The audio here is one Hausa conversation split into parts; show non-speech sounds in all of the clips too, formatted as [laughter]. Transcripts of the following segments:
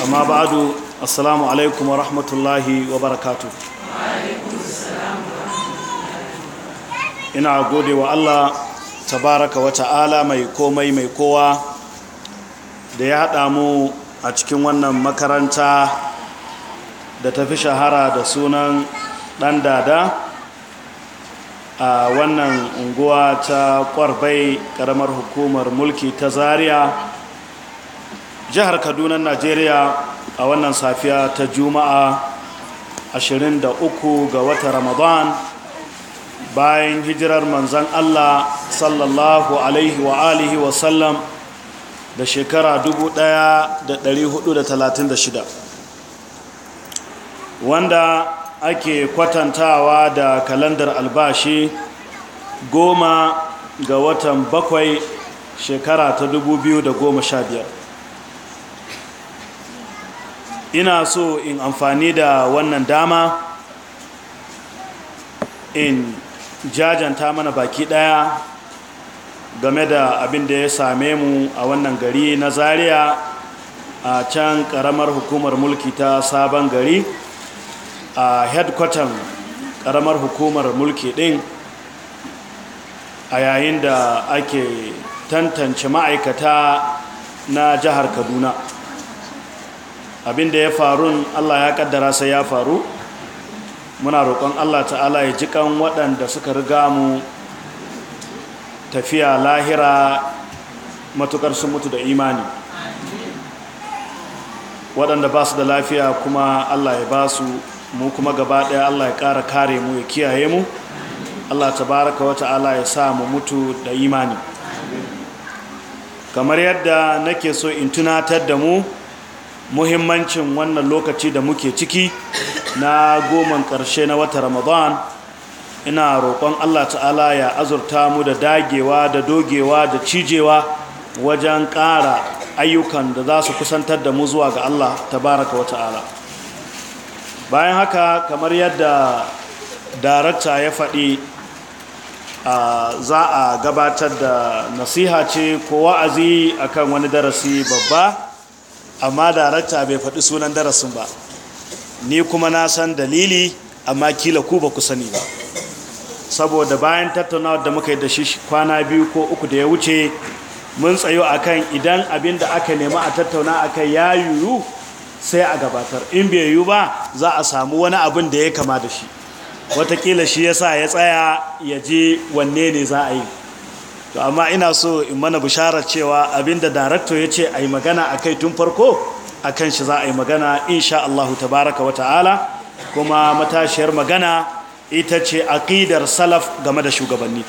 amma ba'adu assalamu alaikum wa rahmatullahi wa barakatu ina gode wa Allah ta baraka wa ta'ala mai komai mai kowa da ya haɗa mu a cikin wannan makaranta da tafi shahara da sunan ɗan dada a wannan unguwa ta ƙwarbai ƙaramar hukumar mulki ta zaria jihar kaduna najeriya a wannan safiya ta juma'a 23 ga wata ramadan bayan hijirar manzan allah sallallahu alaihi wa alihi sallam da shekara 1436 wanda ake kwatantawa da kalandar albashi goma ga watan bakwai shekara ta 2015 ina so in amfani da wannan dama in jajanta mana baki daya game da abin da ya same mu a wannan gari na zaria a can karamar hukumar mulki ta sabon gari a headquarter karamar hukumar mulki din a yayin da ake tantance ma'aikata na jihar kaduna abin da ya faru Allah ya kaddara sai ya faru muna roƙon Allah ta'ala ya jikan waɗanda suka riga mu tafiya lahira matukar sun mutu da imani waɗanda ba su da lafiya kuma Allah ya ba su mu kuma gaba ɗaya Allah ya ƙara kare mu ya kiyaye mu Allah ta baraka wa ta'ala ya sa mu mutu da imani kamar yadda nake so in tunatar da mu muhimmancin wannan lokaci da muke ciki na goman ƙarshe na wata ramadan ina roƙon allah ta'ala ya azurta mu da dagewa da dogewa da cijewa wajen ƙara ayyukan da za su kusantar da mu zuwa ga allah tabaraka wa ta'ala bayan haka kamar yadda darakta ya faɗi za a gabatar da nasiha ce ko wa'azi a kan wani darasi babba amma darakta bai faɗi sunan darasin ba ni kuma na san dalili amma kila ku ba ku sani ba saboda bayan tattaunawa da muka yi da shi kwana biyu ko uku da ya wuce mun tsayo kan idan abin da aka nema a tattauna a kai ya yiwu sai a gabatar in bai yiwu ba za a samu wani abin da ya kama da shi watakila shi ya sa ya tsaya ya je wanne ne za a yi to amma ina so in mana bisharar cewa abinda darakto ya ce a magana a kai tun farko a kan shi za a yi magana insha Allah tabaraka wa ta'ala kuma matashiyar magana ita ce aƙidar salaf game da shugabanni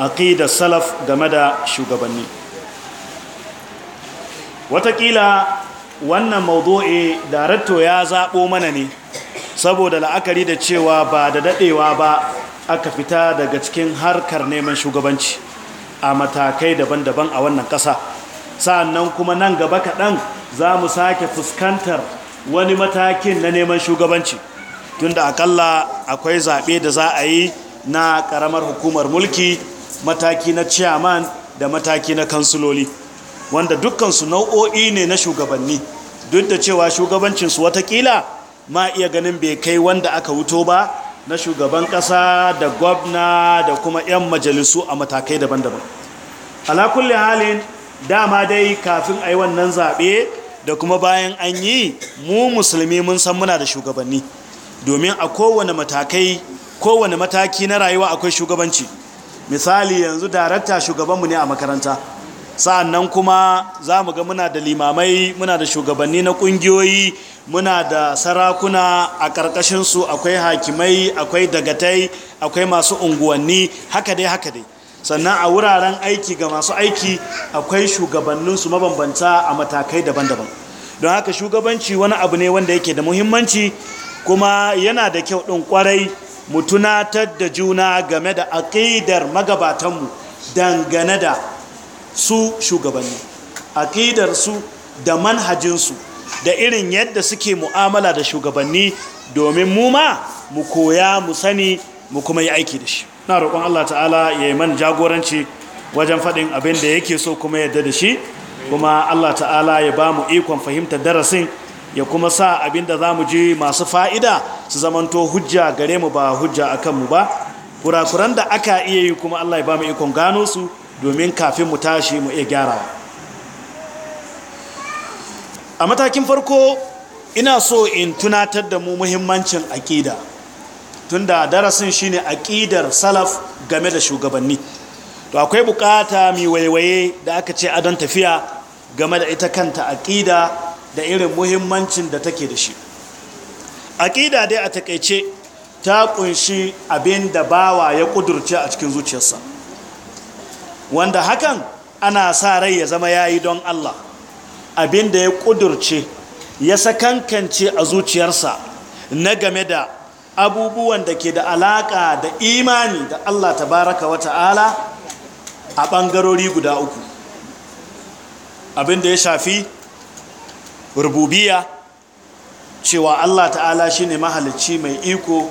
aƙidar salaf game da shugabanni watakila wannan maudu'i darakto ya zaɓo mana ne saboda la'akari da cewa ba da daɗewa ba aka fita daga cikin harkar neman shugabanci a matakai daban-daban a wannan ƙasa sa'annan kuma nan gaba kaɗan za mu sake fuskantar wani matakin na neman shugabanci tunda akalla akwai zaɓe da za a yi na ƙaramar hukumar mulki mataki na chairman da mataki na kansuloli wanda dukkansu nau'o'i ne na shugabanni duk da cewa shugabancinsu watakila ma iya ganin bai kai wanda aka wuto ba na shugaban ƙasa da gwamna da kuma 'yan majalisu a matakai daban-daban alakulli halin dama dai kafin a yi wannan zaɓe da kuma bayan an yi mu musulmi mun san muna da shugabanni domin a kowane matakai kowane mataki na rayuwa akwai shugabanci misali yanzu darakta shugabanmu ne a makaranta sa'annan kuma za mu ga muna da limamai muna da shugabanni na ƙungiyoyi muna da sarakuna a ƙarƙashinsu akwai hakimai akwai dagatai akwai masu unguwanni haka dai haka dai sannan a wuraren aiki ga masu aiki akwai shugabanninsu mabambanta a matakai daban-daban don haka shugabanci wani abu ne wanda yake da muhimmanci kuma yana da kyau ɗin kwarai mu tunatar da juna game da aƙidar magabatanmu dangane da su shugabanni aƙidarsu da manhajinsu da irin yadda suke mu'amala da shugabanni domin mu ma mu koya mu sani mu kuma yi aiki da shi na roƙon Allah ta'ala ya yi man jagoranci wajen faɗin abin da yake so kuma yadda da shi kuma Allah ta'ala ya ba mu ikon fahimtar darasin ya kuma sa abin da za mu ji masu fa'ida su zamanto hujja gare mu ba hujja a kanmu ba kurakuran da aka iya yi kuma Allah ya ba mu ikon gano su domin kafin mu tashi mu iya gyarawa a matakin farko ina so in tunatar da mu muhimmancin aƙida da darasin shine aƙidar salaf game da shugabanni to akwai bukata mai waiwaye da aka ce adon tafiya game da ita kanta aƙida da irin muhimmancin da take da shi aƙida dai a takaice ta kunshi abin da bawa ya kudurce a cikin zuciyarsa wanda hakan ana sa rai ya zama yayi don Allah abin da ya kudurce ya sakankance a zuciyarsa na game da abubuwan da ke da alaka da imani da Allah tabaraka wa ta'ala a bangarori guda uku abin da ya shafi rububiya cewa Allah ta'ala shi ne mahalicci mai iko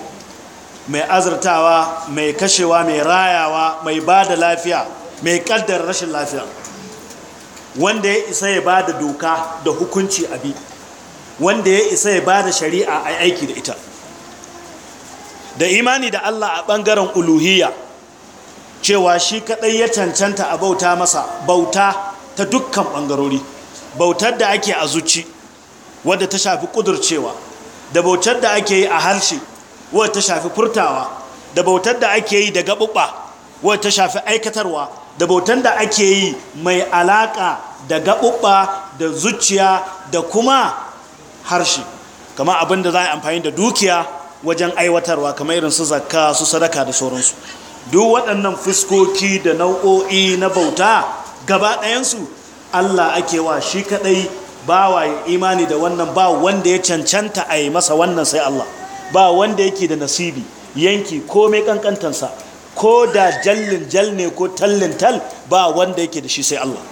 mai azurtawa mai kashewa mai rayawa mai ba da lafiya mai kaddar rashin lafiya wanda ya isa ya ba da doka da hukunci a abi wanda ya isa ya ba da shari'a a aiki da ita da imani da Allah a ɓangaren uluhiyya cewa shi kaɗai ya cancanta a bauta masa bauta ta dukkan ɓangarori bautar da ake a zuci wadda ta shafi ƙudurcewa da bautar da ake yi a harshe wadda ta shafi furtawa da bautar da ake yi da gaɓuɓɓa wadda ta shafi aikatarwa da bautan da ake yi mai alaƙa da gaɓuɓɓa da zuciya da kuma harshe kama abin da za a yi amfani da dukiya wajen aiwatarwa kama irin su zakka su sadaka da sauransu duk waɗannan fuskoki da nau'o'i na bauta gaba ɗayansu allah ake wa shi kaɗai ba wa imani da wannan ba wanda ya cancanta a yi masa wannan sai allah ba wanda yake da nasibi yanki ko komai ƙanƙantarsa ko da jallin jal ne ko tallin tal ba wanda yake da shi sai Allah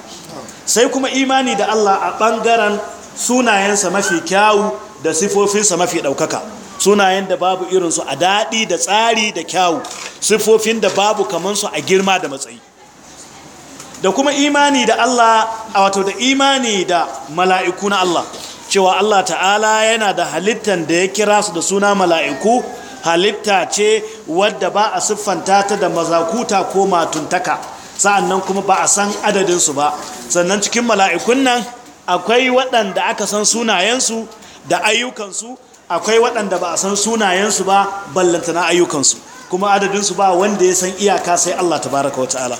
sai kuma imani da Allah a ɓangaren sunayensa mafi kyawu da sifofinsa mafi ɗaukaka sunayen da babu irinsu a daɗi da tsari da kyawu sifofin da babu kamansu a girma da matsayi da kuma imani da Allah a wato da imani da mala'iku na Allah cewa Allah ta'ala yana da halittan da ya kira su da suna mala'iku halitta ce wadda ba a siffanta ta da mazakuta ko matuntaka sa'annan kuma ba a san adadinsu ba sannan cikin mala'ikun nan akwai waɗanda aka san sunayensu da ayyukansu akwai waɗanda ba a san sunayensu ba ballanta na ayyukansu kuma adadinsu ba wanda ya san iyaka sai Allah tabaraka wa ta'ala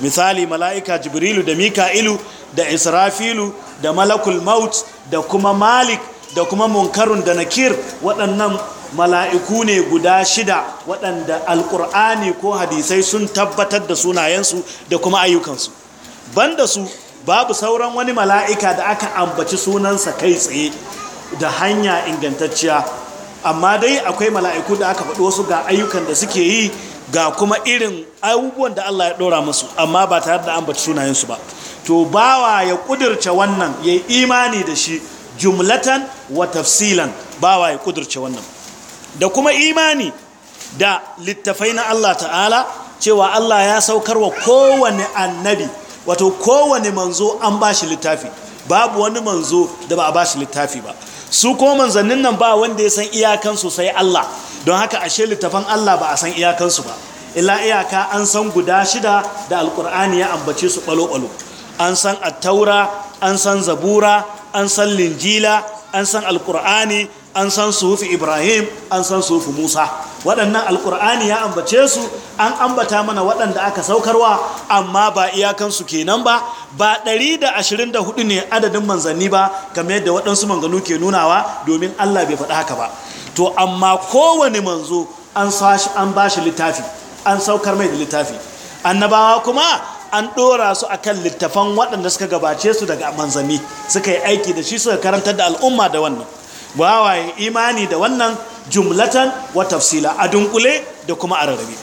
misali mala'ika jibrilu da mika'ilu da israfilu da malakul maut da kuma malik da kuma munkarun da nakir waɗannan mala'iku ne guda shida waɗanda alƙur'ani ko hadisai sun tabbatar da sunayensu da kuma ayyukansu banda su babu sauran wani mala'ika da aka ambaci sunansa kai tsaye da hanya ingantacciya amma dai akwai mala'iku da aka faɗo su ga ayyukan da suke yi ga kuma irin abubuwan da Allah ya ɗora musu amma ba tare da ambaci sunayensu ba to bawa ya ƙudurce wannan ya imani da shi jumlatan wa tafsilan bawa ya ƙudurce wannan da kuma imani da littafai na Allah ta'ala cewa Allah ya saukar wa kowane annabi wato kowane manzo an ba shi littafi babu wani manzo da ba a ba shi littafi ba su ko manzannin nan ba wanda ya san iyakan su sai Allah don haka ashe littafan Allah ba a san iyakansu ba illa iyaka an san guda shida da alkur'ani ya ambace su ɓalo-ɓalo an san attaura an san zabura an san linjila an san alkur'ani an san sufi ibrahim an san sufi musa waɗannan alkur'ani ya ambace su an ambata mana waɗanda aka saukarwa amma ba iyakansu kenan ba ba 124 ne adadin manzanni ba game da waɗansu manganu ke nunawa domin allah bai faɗi haka ba to amma kowane manzo an ba shi littafi an saukar mai da littafi annabawa kuma an ɗora su a kan littafan waɗanda suka gabace su daga manzanni suka yi aiki da shi suka karantar da al'umma da wannan wawaye imani da wannan jumlatan wa tafsila a dunkule da kuma a rarrabe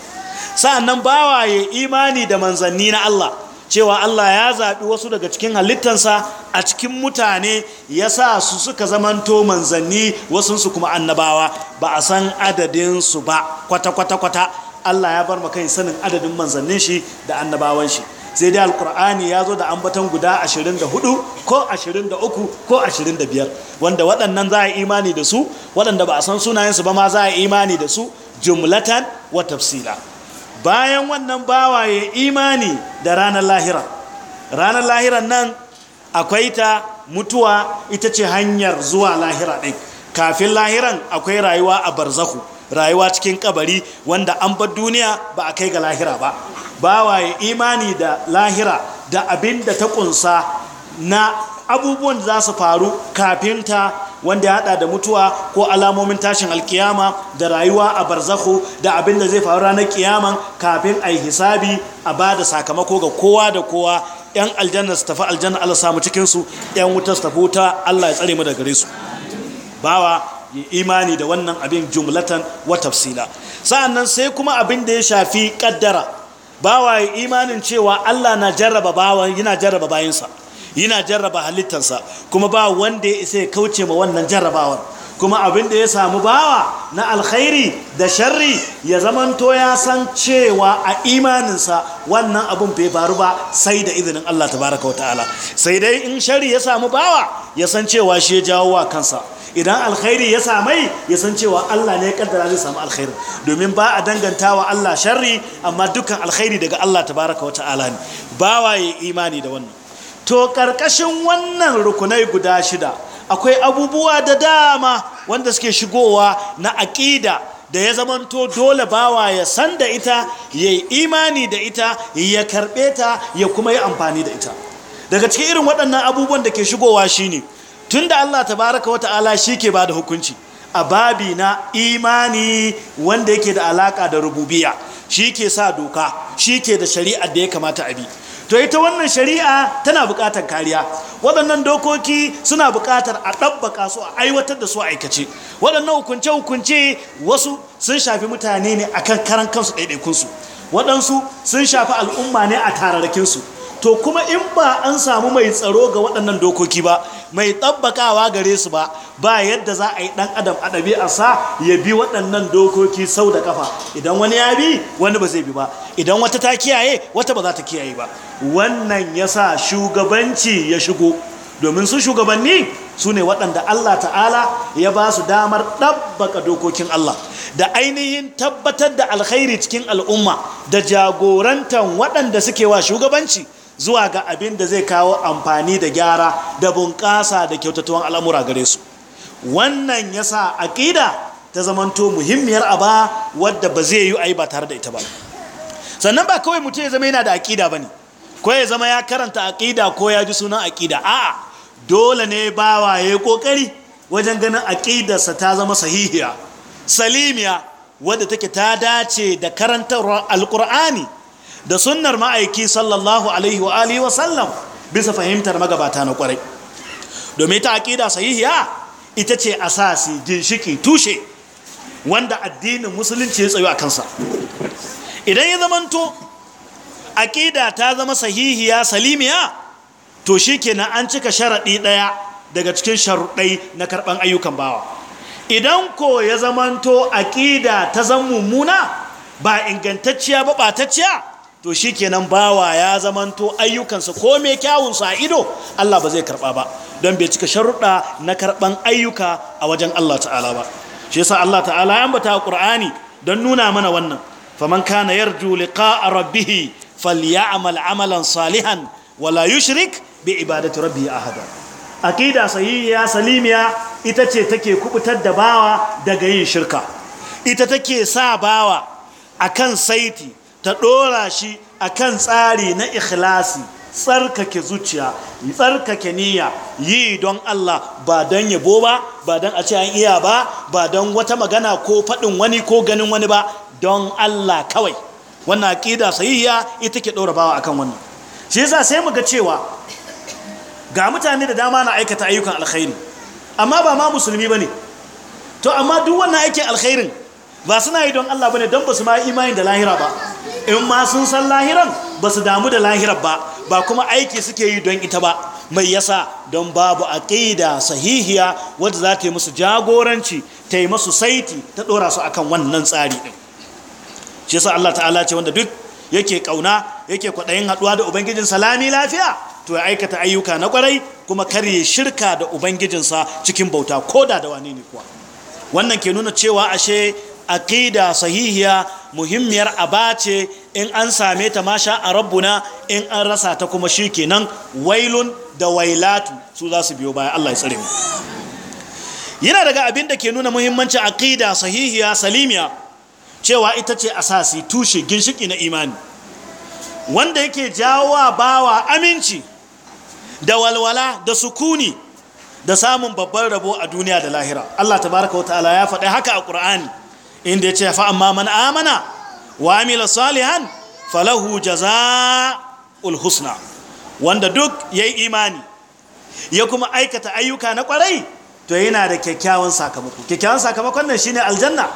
sa'annan bawaye imani da manzanni na Allah cewa Allah ya zaɓi wasu daga cikin halittansa a cikin mutane ya sa su suka zamanto manzanni wasunsu kuma annabawa ba a san adadinsu ba kwata-kwata-kwata Allah ya bar makai sanin adadin manzannin shi da annabawan shi sai dai alkur'ani ya zo da ambaton guda 24 ko 23 ko 25 wanda waɗannan za a imani da su waɗanda ba a san sunayensu ba ma za a imani da su jumlatan wa tafsila bayan wannan bawaye imani da ranar lahira ranar lahiran nan akwai ta mutuwa ita ce hanyar zuwa lahira ɗin kafin lahiran akwai rayuwa a barzahu rayuwa cikin kabari wanda an bar duniya ba a kai ga lahira ba bawaye imani da lahira da abin da ta kunsa na abubuwan za su faru kafin ta wanda ya hada da mutuwa ko alamomin tashin alkiyama da rayuwa a barzahu da abin da zai faru ranar kiyaman kafin a yi hisabi a ba da sakamako ga kowa da kowa 'yan aljanna su tafi aljanna Allah samu cikinsu 'yan wuta su tafi wuta Allah ya tsare mu da gare su bawa yi imani da wannan abin jumlatan wa tafsila nan sai kuma abin da ya shafi kaddara bawa yi imanin cewa Allah na jarraba bawan yana jarraba bayansa yana jarraba halittarsa kuma ba wanda ya isa ya kauce ma wannan jarrabawar kuma abin da ya samu bawa na alkhairi da sharri ya zamanto ya san cewa a imaninsa wannan abin bai faru ba sai da izinin Allah ta baraka wa ta'ala sai dai in sharri ya samu bawa ya san cewa shi ya jawo wa kansa idan alkhairi ya samai ya san cewa Allah ne ya kaddara zai samu alkhairi domin ba a danganta wa Allah sharri amma dukkan alkhairi daga Allah tabaraka wa ta'ala ne ba waye imani da wannan to karkashin wannan rukunai guda shida akwai abubuwa da dama wanda suke shigowa na aƙida da ya zamanto dole bawa ya san da ita ya yi imani da ita ya karɓe ta ya kuma yi amfani da ita daga cikin irin waɗannan abubuwan da ke shigowa shine tunda Allah ta baraka tabaraka shi shi ke bada hukunci a babi na imani wanda yake da alaka da rububiya shi ke sa doka shi ke da shari'a da ya kamata a bi to ita wannan shari'a tana bukatar kariya waɗannan dokoki suna bukatar a ɗabbaka su a aiwatar da su a aikace waɗannan hukunce-hukunce wasu sun shafi mutane ne a kan karan kansu ɗaiɗaikunsu waɗansu sun shafi al'umma ne a tararrakinsu to kuma in ba an samu mai tsaro ga waɗannan dokoki ba mai tabbakawa gare su ba ba yadda za a yi ɗan adam a sa. ya bi waɗannan dokoki sau da kafa idan wani ya bi wani ba zai bi ba idan wata ta kiyaye wata ba za ta kiyaye ba wannan ya sa shugabanci ya shigo domin su shugabanni su ne waɗanda Allah ta'ala ya ba su damar ɗabbaka dokokin Allah da ainihin tabbatar da alkhairi cikin al'umma da jagorantar waɗanda suke wa shugabanci zuwa ga abin da zai kawo amfani da gyara da bunƙasa da kyautattuwan al'amura gare su wannan ya sa aƙida ta zamanto muhimmiyar aba wadda ba zai yi a yi ba tare da ita ba sannan ba kawai mutum ya zama yana da aƙida ba ne ko ya zama ya karanta aƙida ko ya ji sunan aƙida a'a dole ne bawa ya yi ƙoƙari wajen ganin aƙidarsa ta zama sahihiya salimiya wadda take ta dace da karantarwar alƙur'ani da sunnar ma'aiki sallallahu alaihi wa alihi wa sallam bisa fahimtar magabata na kwarai domin ta aqida sahihiya ita ce asasi ginshiki tushe wanda addinin musulunci ya tsayo a kansa idan ya zamanto aƙida ta zama sahihiya salimiya to shikenan an cika sharadi daya daga cikin sharuɗai na karban ayyukan bawa idan ko ya zamanto aƙida ta zan mummuna ba ingantacciya ba ɓatacciya to kenan bawa ya zamanto ayyukansa ko me kyawunsa a ido Allah ba zai karba ba don bai cika sharuɗa na karɓan ayyuka a wajen Allah ta'ala ba shi yasa Allah ta'ala ya ambata a Qur'ani don nuna mana wannan faman kana yarju liqa'a rabbih falyamal amalan salihan wala yushrik bi ibadati rabbih ahada aqida sahiha salimiya ita ce take kubutar da bawa daga yin shirka ita take sa bawa akan saiti ta ɗora shi a kan tsari na ikhlasi tsarkake zuciya tsarkake niyya yi don Allah ba don yabo ba ba don a ce an iya ba ba don wata magana ko faɗin wani ko ganin wani ba don Allah kawai wannan aƙida ya ita ke ɗora bawa akan wannan shi yasa sai mu ga cewa ga mutane da dama na aikata ayyukan alkhairi amma ba ma musulmi ba ne to amma duk wannan aikin alkhairin ba suna yi don Allah ba ne don ba su ma imanin da lahira ba in ma sun san lahiran ba su damu da lahirar ba ba kuma aiki suke yi don ita ba mai yasa don babu a ƙida sahihiya wadda za ta yi musu jagoranci ta yi musu saiti ta ɗora su akan wannan tsari ɗin shi sa Allah ta'ala ce wanda duk yake ƙauna yake kwaɗayin haɗuwa da ubangijin salami lafiya to ya aikata ayyuka na ƙwarai kuma karye shirka da ubangijinsa cikin bauta ko da da wane ne kuwa wannan ke nuna cewa ashe aqida sahihiya muhimmiyar Abace in an same ta masha a rabbuna in an rasa ta kuma shikenan wailun da wailatu su za su biyo baya Allah ya tsare mu yana daga abin da ke nuna muhimmancin aqida sahihiya salimiya cewa ita ce asasi tushe ginshiki na imani wanda yake jawowa bawa aminci da walwala da sukuni da samun babbar rabo a duniya da lahira Allah tabaraka wa ta'ala ya faɗi haka a Qur'ani inda ya ce fa amma man amana wa amila salihan falahu jaza'ul husna wanda duk yayi imani ya kuma aikata ayyuka na kwarai to yana da kyakkyawan sakamako kyakkyawan sakamakon nan shine aljanna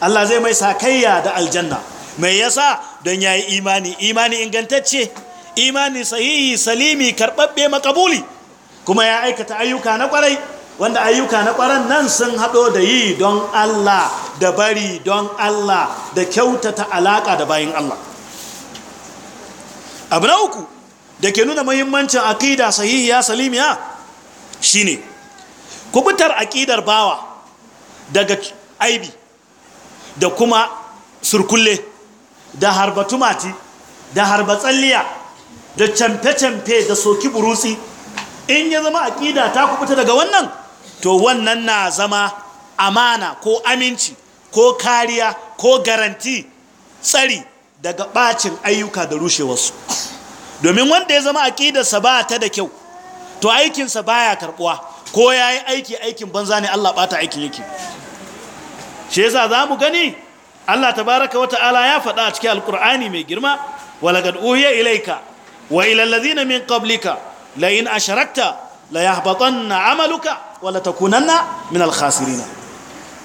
Allah zai mai sakayya da aljanna mai yasa don yayi imani imani ingantacce imani sahihi salimi karbabbe makabuli kuma ya aikata ayyuka na kwarai wanda ayyuka na ƙwaron nan sun haɗo da yi don Allah da bari don Allah da kyautata alaƙa da bayan Allah abu na uku da ke nuna muhimmancin aƙida sahihiya salimiya shine kubutar aƙidar bawa daga aibi da kuma surkulle da harba tumati, da harba tsalliya da camfe-camfe da soki burutsi in ya zama aƙida ta kubuta daga wannan to wannan na zama amana ko aminci ko kariya ko garanti tsari daga ɓacin ayyuka da rushewarsu domin wanda ya zama aƙidarsa ba ta da kyau to aikinsa ya karɓuwa ko ya yi aiki aikin banza ne Allah ɓata aikin yake shi yasa za mu gani Allah tabaraka wata'ala ya faɗa a cikin alƙur'ani mai girma walagad uhiya ilaika wa ilallazina min qablika la in asharakta la yahbatanna amaluka wala takunanna min alkhasirina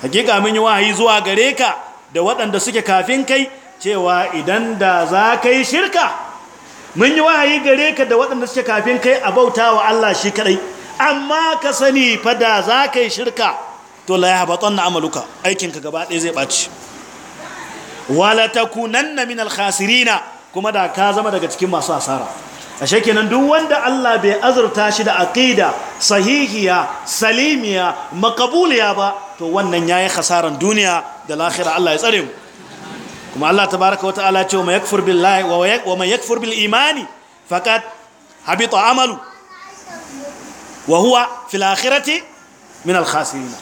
hakika mun yi wahayi zuwa gare ka da waɗanda suke kafin kai cewa idan da za ka yi shirka mun yi wahayi gare ka da waɗanda suke kafin kai a bauta wa Allah shi kaɗai amma ka sani fa da za ka yi shirka to la yahbatanna amaluka aikinka gaba ɗaya zai ɓaci wala takunanna min alkhasirina kuma da ka zama daga cikin masu asara ashe kenan duk wanda Allah bai azurta shi da aqida sahihiya salimiya makabuliya ba to wannan yayi khasaran duniya da lahira Allah ya tsare mu kuma Allah tabaaraka wa ce wa yakfur billahi wa man yakfur bil imani faqad habita amalu wa huwa fil akhirati min al khasirin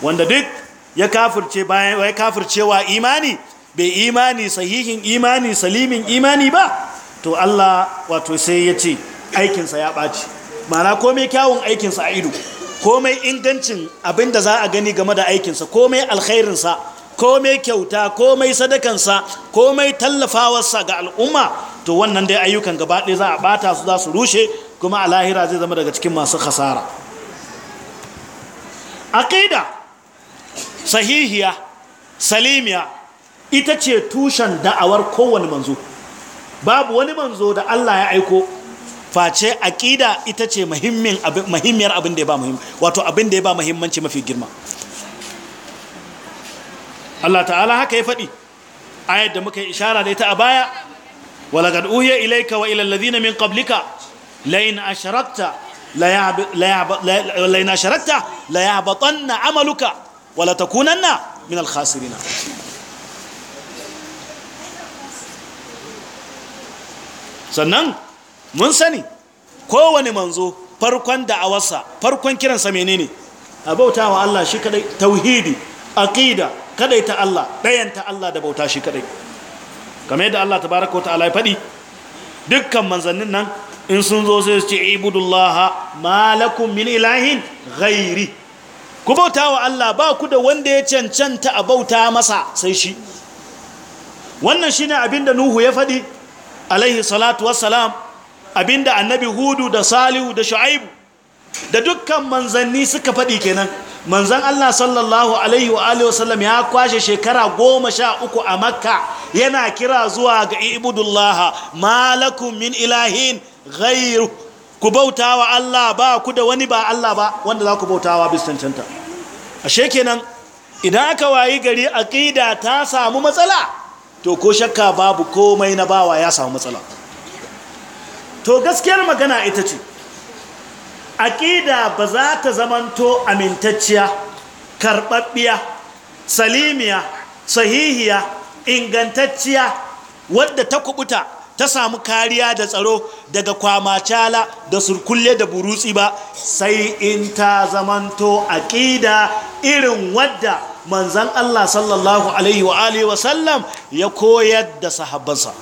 wanda duk ya kafirce bayan ya kafircewa imani bai imani sahihin imani salimin imani ba to Allah wato sai ya ce aikinsa ya ɓaci mana komai kyawun aikinsa a ido komai ingancin abinda da za a gani game da aikinsa komai alkhairinsa komai kyauta komai sadakansa komai tallafawarsa ga al'umma to wannan dai ayyukan gaba ɗaya za a ɓata su za su rushe kuma a lahira zai zama daga cikin masu khasara Aƙida sahihiya salimiya ita ce tushen da'awar kowane manzo babu wani manzo da Allah ya aiko face aqida ita ce muhimmin muhimmiyar abin da ya ba muhimmi wato abin da ya ba muhimmanci mafi girma Allah ta'ala haka ya faɗi ayar da muka yi ishara da ita a baya walaqad uhiya ilayka wa ila alladhina min qablika la asharakta la la amaluka wa la takunanna min al sannan mun sani kowane manzo farkon da'awarsa farkon kiransa menene a bauta wa Allah shi kadai tauhidi aqida kadai ta Allah dayanta Allah da bauta shi kadai kamar yadda Allah tabaaraka ta'ala ya fadi dukkan manzannin nan in sun zo sai su ce ibudullaha lakum min ilahin ghairi ku bauta wa Allah ba ku da wanda ya cancanta a bauta masa sai shi wannan shine abinda Nuhu ya fadi alaihi salatu wassalam abinda annabi hudu da salihu da shu'aibu da dukkan manzanni suka faɗi kenan manzan Allah sallallahu alaihi wa alihi wasallam ya kwashe shekara goma sha uku a makka yana kira zuwa ga ibudullah malakum min ilahin ghairu ku bautawa Allah ba ku da wani ba Allah ba wanda za ku bautawa bis cancanta ashe kenan idan aka wayi gari aqida ta samu matsala to ko shakka babu komai na bawa ya samu matsala to gaskiyar magana ita ce aƙida ba za ta zamanto amintacciya karɓaɓɓiya salimiya sahihiya ingantacciya wadda ta kubuta ta samu kariya da tsaro daga kwamacala da surkulle da burutsi ba sai in ta zamanto aƙida irin wadda manzan Allah sallallahu alaihi wa alihi ya koyar da sahabbansa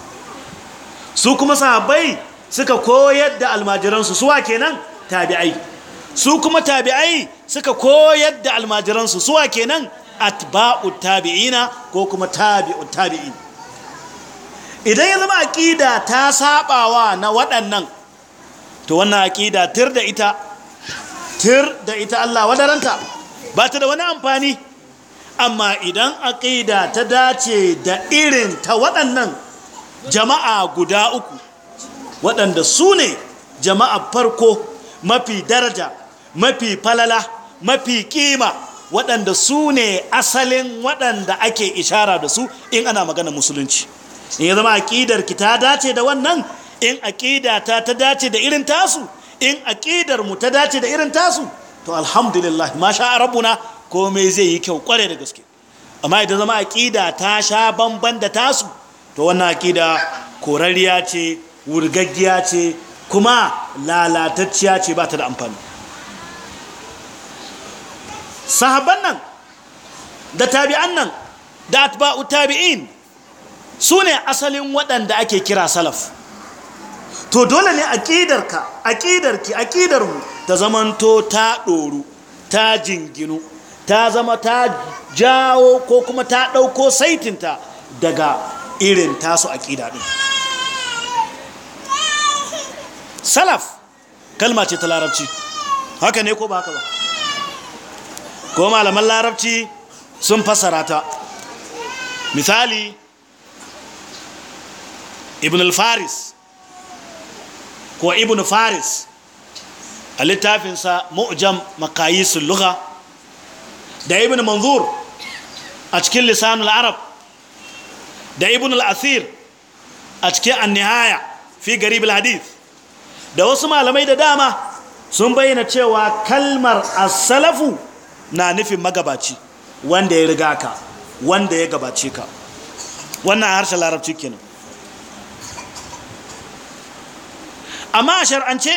su kuma sahabbai suka koyar da almajiransu suwa kenan tabi'ai su kuma tabi'ai suka koyar da almajiransu suwa kenan atba'u tabi'ina ko kuma tabi'u tabi'in idan ya zama aƙida ta sabawa na waɗannan to wannan aƙida tir da ita tir da ita Allah wadaranta ba ta da wani amfani amma idan aƙida ta dace da irin ta waɗannan jama'a guda uku waɗanda su ne jama'a farko mafi daraja mafi falala mafi kima waɗanda su ne asalin waɗanda ake ishara da su in ana magana musulunci in ya zama aƙidar ki ta dace da wannan in aƙidata ta dace da irin tasu in aƙidar mu ta dace da irin tasu to alhamdulillah masha rabbuna komai zai yi kyau kware da gaske amma idan zama aƙida ta sha bamban da tasu to wannan aƙida korariya ce wurgaggiya ce kuma lalatacciya ce ba ta da amfani sahabban nan da tabi'an nan da atba'u tabi'in su ne asalin waɗanda ake kira salaf to dole ne aƙidarka aƙidarki aƙidarmu ta zamanto ta ɗoru ta jinginu ta zama ta jawo ko kuma ta ɗauko saitinta daga irin tasu aƙida ɗin salaf kalma ce ta larabci haka ne ko ba haka ba ko malaman larabci sun fasara ta misali ibn al-faris ko ibn faris a littafinsa mu'jam makayisun lugha da ibn manzur a cikin lisanul arab da ibn al-asir a cikin annihaya fi garib al da wasu malamai da dama sun bayyana cewa kalmar asalafu na nufin magabaci wanda ya riga ka wanda ya gabace ka wannan harshen larabci kenan amma a shar'ance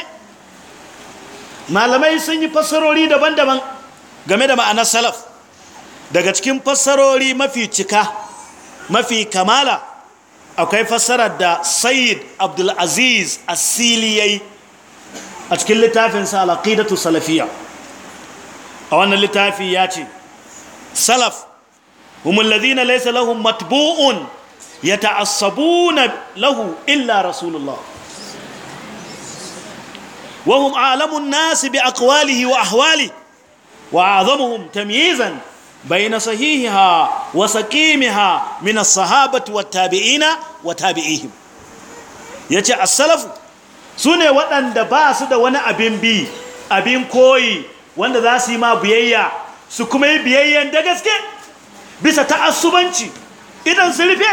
malamai sun yi fassarori daban-daban game da ma'anar salaf daga cikin fassarori mafi cika mafi kamala akwai fassarar da sayyid abdulaziz asiliyai a cikin littafinsa alaqidatu salafiya a wannan littafi ya ce salaf humul lahu matbu'un ya matbu'un yata'assabuna lahu illa rasulullah wahum a'lamun nasi bi akwalihi wa ahwalihi وأعظمهم تمييزا بين صحيحها وسقيمها من الصحابة والتابعين وتابعيهم يجي السلف سنة وأن دباس دا وانا ابين بي ابين كوي وانا زاسي ما سو كومي بيييان دقسكي بس تأسبانشي إذن سلفي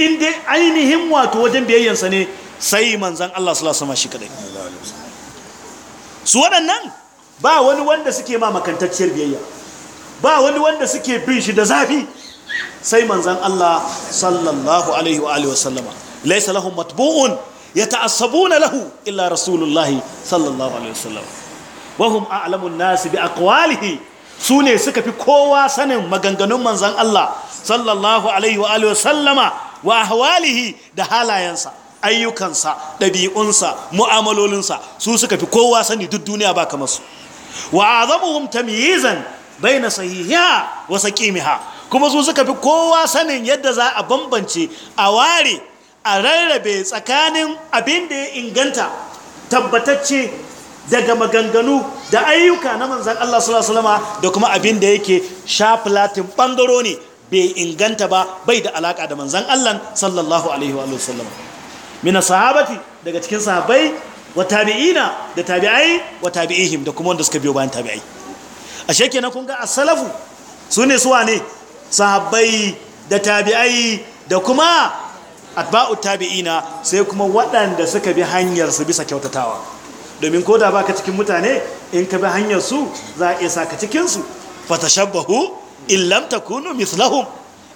إن دي عينهم واتو وجن بيايا سنة sai manzan Allah sallallahu alaihi wasallam shi kadai su waɗannan ba wani wanda suke ma makantacciyar biyayya ba wani wanda suke bin shi da zafi sai manzan Allah sallallahu alaihi wa alihi wasallama laysa lahum matbu'un yata'assabuna lahu illa rasulullah sallallahu alaihi wasallama wa hum a'lamun nas bi aqwalihi sune suka fi kowa sanin maganganun manzan Allah sallallahu alaihi wa alihi wasallama wa ahwalihi da halayensa ayyukansa ɗabi'unsa mu'amalolinsa su suka fi kowa sani duk duniya ba kamar su wa azamuhum tamyizan baina sahihiha wa saqimiha kuma su suka fi kowa sanin yadda za a bambance a ware a rarrabe tsakanin abin da ya inganta tabbatacce daga maganganu da ayyuka na manzan Allah sallallahu alaihi wasallam da kuma abin da yake sha shaflatin bangaro ne bai inganta ba bai da alaka da manzan Allah sallallahu alaihi wasallam mina sahabati daga cikin sahabbai wa tabi'ina da tabi'ai wa tabi'ihim da kuma wanda suka biyo bayan tabi'ai A sheke na kunga asalafu salafu ne suwa ne sahabbai da tabi'ai da kuma atba'u tabi'ina sai kuma waɗanda suka bi hanyar su bisa kyautatawa domin ko da baka cikin mutane in ka bi hanyar su za a iya saka cikin su fatashabbahu in lam takunu mithlahum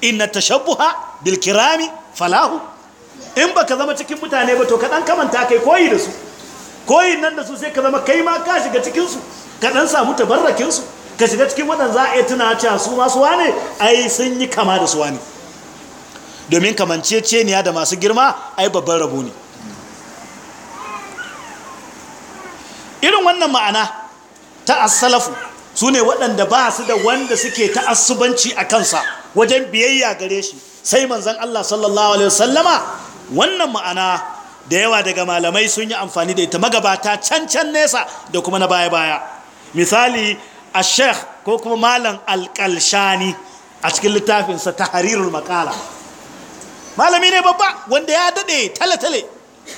inna tashabbuha bil kirami falahu in baka zama cikin mutane ba to ka dan kamanta kai koyi da su koyin nan da su sai ka zama kai ma ka shiga cikinsu ka ɗan samu tabarrakinsu ka shiga cikin waɗanda za a yi tuna cewa su masu wane ai sun yi kama da su wane domin kamanceceniya da masu girma ai babban rabu ne irin wannan ma'ana ta asalafu su ne waɗanda ba su da wanda suke ta asubanci a kansa wajen biyayya gare shi sai manzan Allah sallallahu alaihi wasallama wannan ma'ana da yawa daga malamai sun yi amfani da ita magabata can can nesa da kuma na baya baya misali a sheikh ko kuma malam alkalshani a cikin littafinsa ta harirul makala malami ne babba wanda ya daɗe tale-tale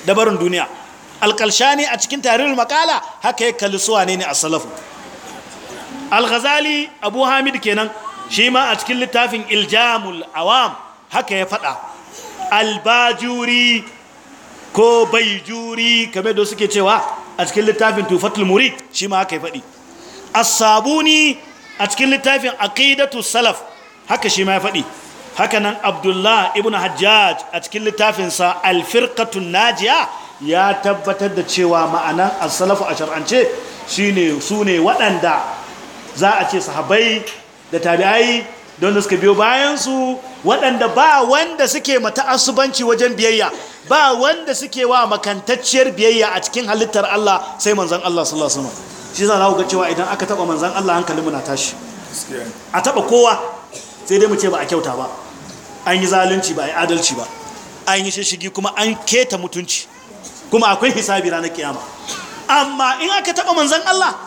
da barin duniya alkalshani a cikin tarihin makala haka ya kalli suwa ne ne a salafu alghazali abu hamid kenan shi ma a cikin littafin iljamul awam haka ya faɗa albajuri ko bai juri kame da suke cewa a cikin littafin tufatul murid shi ma haka ya faɗi as-sabuni a cikin littafin aqidatu salaf haka shi ma ya faɗi haka nan abdullah ibn hajjaj a cikin littafinsa al-firqatun najiya ya tabbatar da cewa ma'anan as-salafu a shar'ance shine su ne waɗanda za a ce sahabai da tabi'ai don da suka biyo bayansu waɗanda ba wanda suke mata asubanci wajen biyayya ba wanda suke wa makantacciyar biyayya a cikin halittar Allah sai manzan Allah sallallahu alaihi wasallam shi zan ga cewa idan aka taba manzan Allah hankalinmu na tashi a taba kowa sai dai mu ce ba a kyauta ba an yi zalunci ba a yi adalci ba an yi shishigi kuma an keta mutunci kuma akwai hisabi ranar kiyama amma in aka taba manzan Allah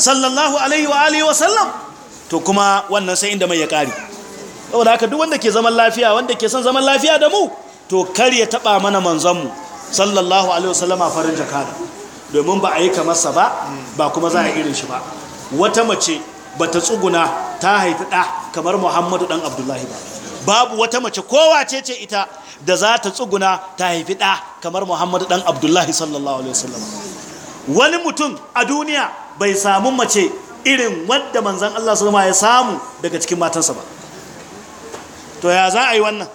sallallahu alaihi wa alihi wa sallam to kuma wannan sai inda mai ya kare saboda haka duk wanda ke zaman lafiya wanda ke son zaman lafiya da mu to kar ya taba mana manzon sallallahu alaihi a farin jakada domin ba a yi kamarsa ba ba kuma za a irin shi ba wata mace bata tsuguna ta haifi ɗa kamar muhammadu ɗan abdullahi ba babu wata mace kowa ce ce ita da za ta tsuguna ta haifi ɗa kamar muhammadu ɗan abdullahi sallallahu alaihi wasallam wani mutum a duniya bai samu mace irin wadda manzan Allah su ya samu daga cikin matansa ba to ya za a yi wannan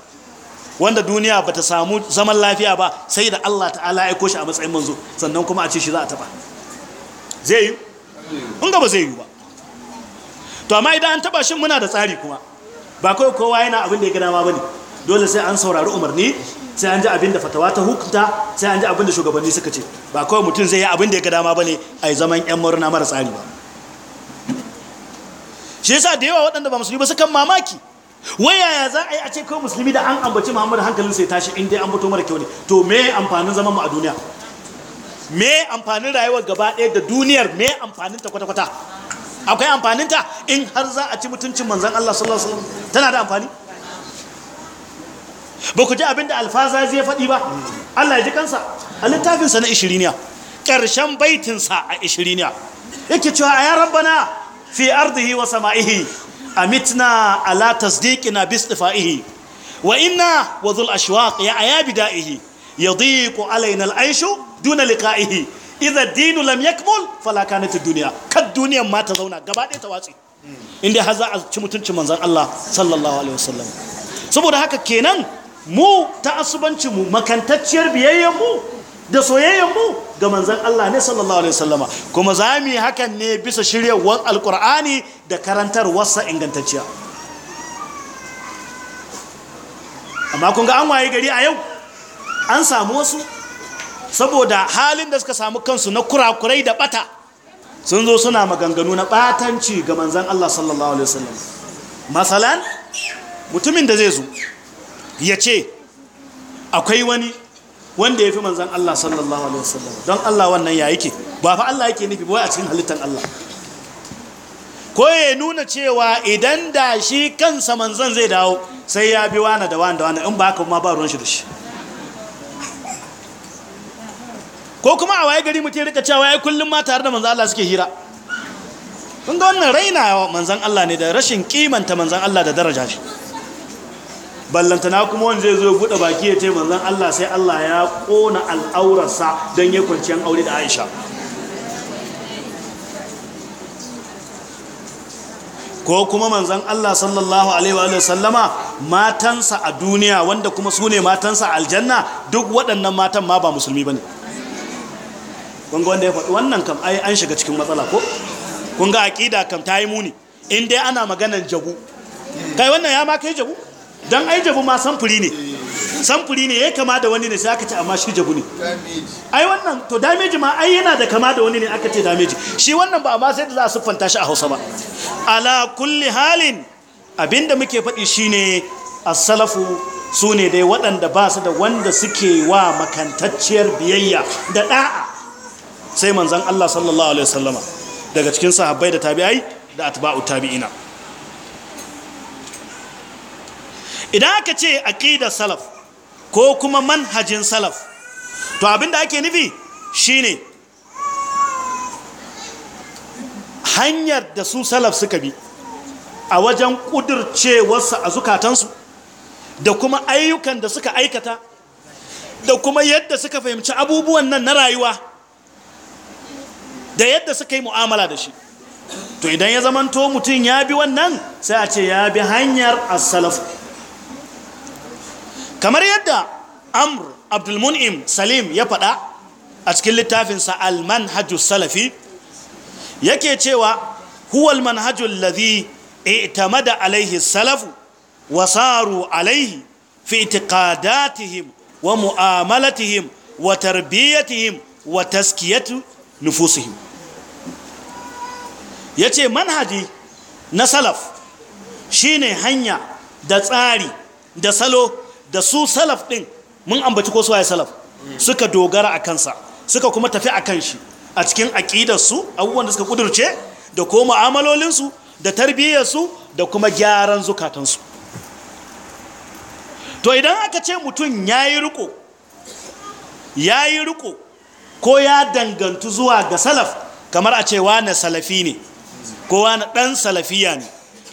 wanda duniya ba ta samu zaman lafiya ba sai da Allah ta'ala ya koshi a matsayin manzo sannan kuma a ce shi za a taba zai yi in ba zai yi ba to amma idan an taba shi muna da tsari kuma ba kawai kowa yana abin da ya gana ma ne dole sai an saurari umarni sai an ji abin da fatawa ta hukunta sai an ji abin da shugabanni suka ce ba kawai mutum zai yi abin da ya gada ma ne a yi zaman yan murna mara tsari ba shi yasa da yawa waɗanda ba musulmi ba su kan mamaki wayaya za a yi a ce kawai musulmi da an ambaci muhammad hankalin sai tashi in dai an fito mara kyau ne to me amfanin zaman mu a duniya me amfanin rayuwar gaba ɗaya da duniyar me amfanin ta kwata-kwata akwai amfanin ta in har za a ci mutuncin manzan Allah sallallahu alaihi wasallam tana da amfani ba ku ji abin da alfaza zai faɗi ba Allah ya ji kansa a littafinsa na ishiriniya ƙarshen baitinsa a ishiriniya yake cewa a yaran bana fi ardihi wa sama'ihi amitna ala tasdiqina bi istifa'ihi wa inna wa dhul ashwaq ya ayabi da'ihi yadhiqu alaina al-aishu duna liqa'ihi idza ad-dinu lam yakmul fala kanat ad-dunya kad dunyan ma ta zauna gaba ɗaya ta watsi inda har za a ci mutuncin manzon Allah sallallahu alaihi wasallam saboda haka kenan mu ta asubanci mu makantacciyar biyayyen mu da soyayyenmu ga manzan Allah ne sallallahu alaihi wasallama kuma za mu yi hakan ne bisa shiryawar alkur'ani da karantar wasa ingantacciya amma kun ga an waye gari a yau an samu wasu saboda halin da suka samu kansu na kurakurai da bata sun zo suna maganganu na batanci ga manzan Allah sallallahu alaihi wasallam masalan mutumin da zai zo ya ce akwai wani wanda ya fi manzan Allah sallallahu alaihi wasallam don Allah wannan ya yake ba fa Allah yake nufi ba a cikin halittar Allah ko ya nuna cewa idan da shi kansa manzan zai dawo sai ya bi wana da wani da in ba haka ma ba ruwan shi da shi ko kuma a waye gari mutum rika cewa ya kullum ma tare da manzan Allah suke hira kun ga wannan raina manzan Allah ne da rashin kimanta manzan Allah da daraja shi ballantana kuma wanda zai zo ya buɗe baki ya taimaka zan Allah sai Allah ya ƙona al'aurarsa don ya kwanciyar aure da Aisha ko kuma manzan Allah sallallahu alaihi wa sallama matansa a duniya wanda kuma su ne matansa a aljanna duk waɗannan matan ma ba musulmi ba ne. kun wanda ya faɗi wannan kam ai an shiga cikin matsala ko ƙunga aƙida kam ta yi muni in dai ana maganan jabu kai wannan ya ma kai jabu don ai jabu ma samfuri ne samfuri ne ya kama da wani ne sai aka ce amma shi jabu ne ai wannan to damage ma ai yana da kama da wani ne aka ce damage shi wannan ba amma sai da za a siffanta shi a hausa ba ala kulli halin abinda muke faɗi shine as-salafu su ne dai waɗanda ba su da wanda suke wa makantacciyar biyayya da ɗa'a sai manzan Allah sallallahu alaihi wasallama daga cikin sahabbai da tabi'ai da atba'u tabi'ina idan aka ce aqidar salaf ko kuma manhajin salaf to abinda ake nufi shine hanyar da su salaf suka bi a wajen ƙudurcewarsa a zukatansu da kuma ayyukan da suka aikata da kuma yadda suka fahimci abubuwan nan na rayuwa da yadda suka yi mu'amala da shi to idan ya zamanto mutum ya bi wannan sai a ce ya bi hanyar asalaf kamar yadda amr abdulmun'im salim ya faɗa a cikin littafinsa almanhajus salafi yake cewa huwal manhajul lazi i'tamada alaihi salafu wa saru alaihi fi i'tiqadatihim wa mu'amalatihim wa tarbiyyatihim wa taskiyatu nufusihim ce manhaji na salaf shine hanya da tsari da salo da su salaf din mun ambaci ko su waye salaf suka dogara a kansa suka kuma tafi a kan shi a cikin aƙidarsu abubuwan da suka kudurce da ko mu'amalolinsu da tarbiyyarsu da kuma gyaran zukatansu to idan aka ce mutum ya yi riko ya yi riko ko ya dangantu zuwa ga salaf kamar a ce wane salafi ne ko wane ɗan salafiya ne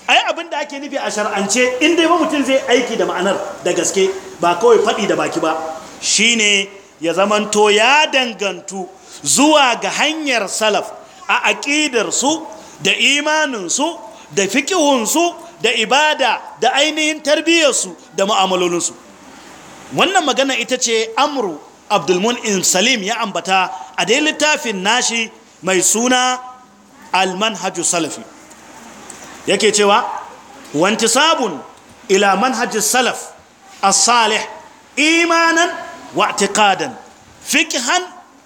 ai abin da ake nufi a shar'ance in dai mutum zai aiki da ma'anar da gaske ba kawai faɗi da baki ba shine ya zamanto ya dangantu zuwa ga hanyar salaf a aƙidarsu da imaninsu da fikihunsu da ibada da ainihin tarbiyyarsu da ma'amalolinsu. wannan magana ita ce amru abdulmun'in salim ya ambata a dai littafin nashi mai suna almanhaju salafi yake cewa wantisabun ila manhajin salaf a salih imanan wa i'tiqadan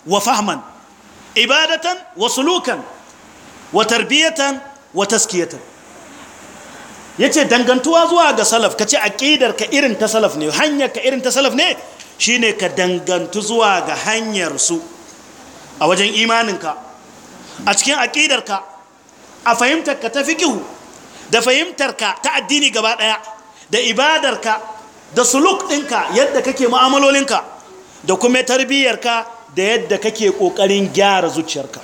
wa fahman ibadatan wa sulukan wa tarbiyatan wa taskiyatan yace dangantuwa zuwa ga salaf kace aqidar ka irin ta salaf ne hanyar ka irin ta salaf ne shine ka dangantu zuwa ga hanyar su a wajen imaninka a cikin ka a fahimtar ka ta fikihu. da fahimtarka ta addini gaba ɗaya da ibadarka da suluk ɗinka yadda kake mu'amalolinka da kuma tarbiyyarka da yadda kake ƙoƙarin gyara zuciyarka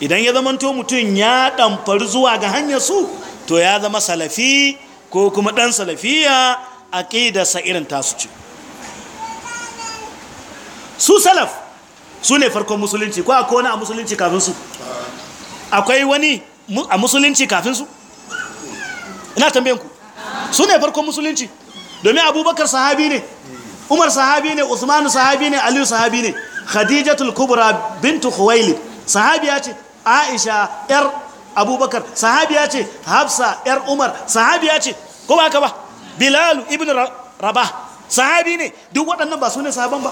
idan ya zamanto mutum ya ɗamfari zuwa ga hanyar su to ya zama salafi ko kuma ɗan salafiya a ƙidarsa irin tasu ce su salaf su ne farkon musulunci ko akwai wani a musulunci kafin su akwai wani a musulunci kafin su ina tambayen ku su ne farkon musulunci domin abubakar sahabi ne umar sahabi ne usmanu sahabi ne aliyu sahabi ne khadijatul kubra bintu sahabi sahabiya ce aisha yar abubakar sahabiya ce hafsa yar umar sahabiya ce ko ba ka ba bilalu ibn rabah sahabi ne duk waɗannan ba su ne sahaban ba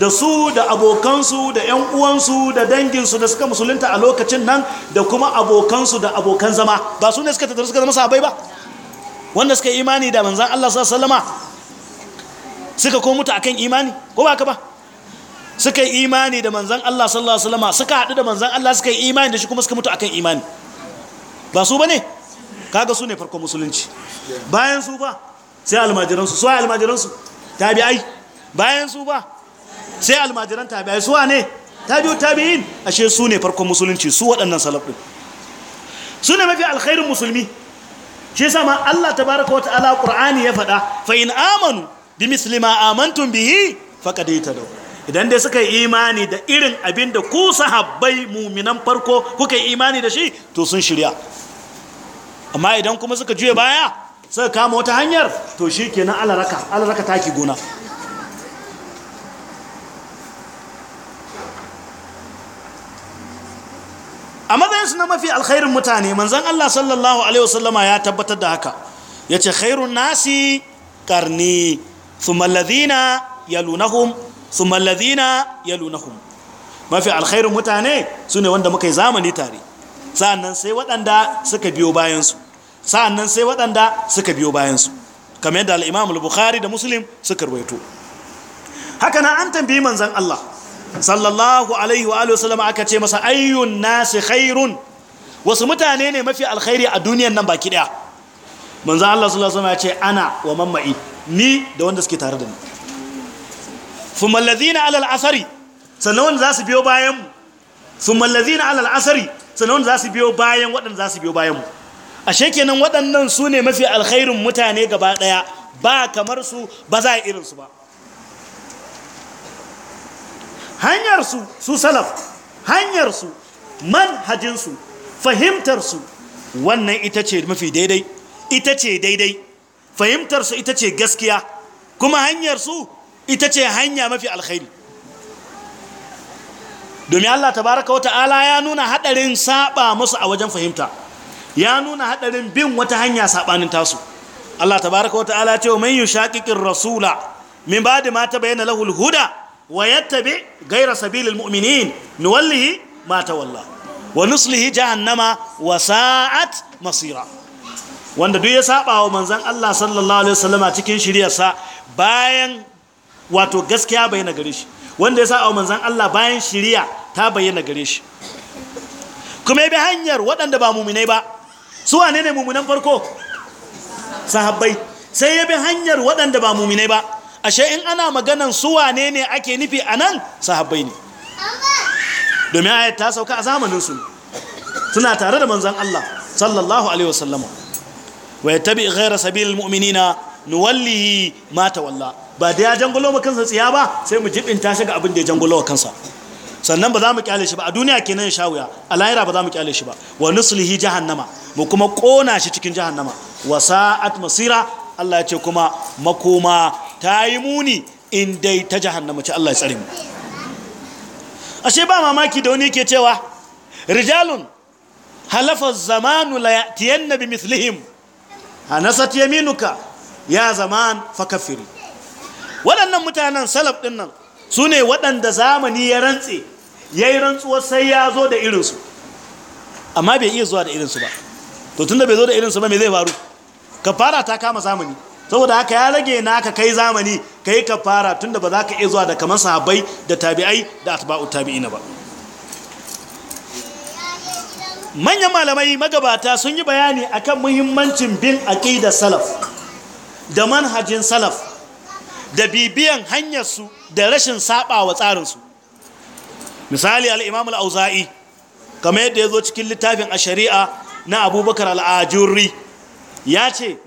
da su da abokansu da 'yan uwansu da danginsu da suka musulunta a lokacin nan da kuma abokansu da abokan zama ba su ne suka tattara suka zama sahabai ba wanda suka imani da manzan Allah sallama suka ko mutu akan imani ko ba ka ba suka yi imani da manzan Allah sallama suka haɗu da manzan Allah suka yi imani da shi kuma suka mutu akan imani ba su ba ne kaga su ne farko musulunci bayan su ba sai almajiransu su almajiransu tabi'ai bayan su ba sai almajiran tabi'ai su ne tabi'u tabi'in ashe su ne farkon musulunci su waɗannan salaf din su ne mafi alkhairun musulmi shi sama ma Allah baraka wata ala ƙur'ani ya faɗa fa in amanu bi musulma amantum bihi faqad yatadaw idan dai suka yi imani da irin abin da ku sahabbai muminan farko kuka yi imani da shi to sun shirya amma idan kuma suka juya baya suka kama wata hanyar to shi kenan alaraka alaraka taki gona a matsayinsu na mafi alkhairin mutane manzan Allah sallallahu alaihi wasallama ya tabbatar da haka ya ce khairun nasi karni thumalladhina yalunahum ya yalunahum mafi alkhairin mutane su ne wanda muka yi zamani tare sa'annan sai waɗanda suka biyo bayansu sa'annan sai waɗanda suka biyo bayansu kamar yadda al-bukhari da muslim suka rubaito. haka na an tambayi manzan Allah sallallahu alaihi wa alihi wasallam aka ce masa ayyun nasi khairun wasu mutane ne mafi alkhairi a duniyan nan baki daya manzo Allah sallallahu alaihi wasallam ya ce ana wa mamma'i ni da wanda suke tare da ni fuma alladhina ala al'asari asari sannan wanda zasu biyo bayan mu fuma alladhina ala al'asari asari sannan wanda zasu biyo bayan waɗanda zasu biyo bayan mu ashe kenan waɗannan su ne mafi alkhairin mutane gaba daya ba kamar su ba za a irin su ba hanyarsu su salaf hanyarsu manhajinsu fahimtarsu wannan ita ce mafi daidai ita ce daidai fahimtarsu ita ce gaskiya kuma hanyarsu ita ce hanya mafi alkhairi domin Allah tabaraka wa ta'ala ya nuna hadarin saba musu a wajen fahimta ya nuna hadarin bin wata hanya sabanin tasu Allah tabaraka wa ta'ala ce wa man yushaqiqir rasula min ba'di ma tabayyana lahul huda wa yattabi ghayra sabilil mu'minin nuwallihi ma tawalla wa nuslihi jahannama wa sa'at masira wanda duk ya saba wa manzon Allah sallallahu alaihi a cikin shiriyarsa bayan wato gaskiya bayyana gare shi wanda ya saba wa manzon Allah bayan shiriya ta bayyana gare shi kuma bi hanyar waɗanda ba muminai ba su wane ne mumunan farko sahabbai sai ya bi hanyar waɗanda ba muminai ba ashe in ana maganan su wane ne ake nufi a nan sahabbai ne domin ayat ta sauka a zamaninsu suna tare da manzan Allah sallallahu alaihi wasallama wa yattabi ghayra sabilil mu'minina nuwallihi ma tawalla ba da ya jangulo mu kansa tsiya ba sai mu jibinta shi ga abin da ya jangulo wa kansa sannan ba za mu kyale shi ba a duniya kenan ya shawuya a lahira ba za mu kyale shi ba wa nuslihi jahannama mu kuma kona shi cikin jahannama wa sa'at masira Allah ya ce kuma makoma ta yi muni in dai ta jahannama ce Allah ya tsare mu ashe ba mamaki da wani ke cewa rijalun halafar zamanu la yatiyanna bi mithlihim anasat yaminuka ya zaman fakafiri waɗannan mutanen salaf ɗin nan su ne waɗanda zamani ya rantse ya yi rantsuwar sai ya zo da irinsu amma bai iya zuwa da irinsu ba to tun da bai zo da irinsu ba mai zai faru ka fara ta kama zamani saboda haka ya rage naka kai zamani ka yi kafara tunda ba za ka iya zuwa da kamar sahabbai da tabi'ai da atba'u tabi'ina ba manyan malamai magabata sun yi bayani akan muhimmancin bin aqidar salaf da manhajin salaf da bibiyan hanyar su da rashin saba wa su. misali al-imam al-auza'i kamar yadda ya zo cikin littafin a shari'a na abubakar al'ajurri ya ce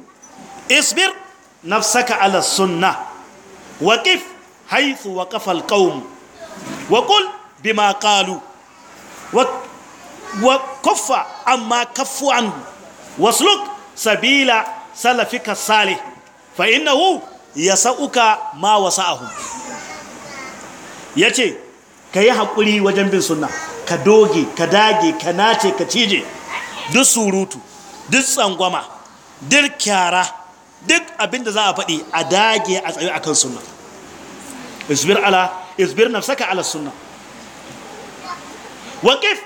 isbir nafsaka ala sunna Waƙif wa kafal alqawm wa bima ƙalu. wa kuffa amma kaffu an wasluk sabila salafika salih fa innahu yasauka ma ce, yace yi hakuri wajen bin sunna ka doge ka dage ka nace ka cije duk surutu duk tsangwama duk kyara duk abinda za a faɗi a dage a tsaye akan sunna isbir ala isbir nafsaka ala sunna waqif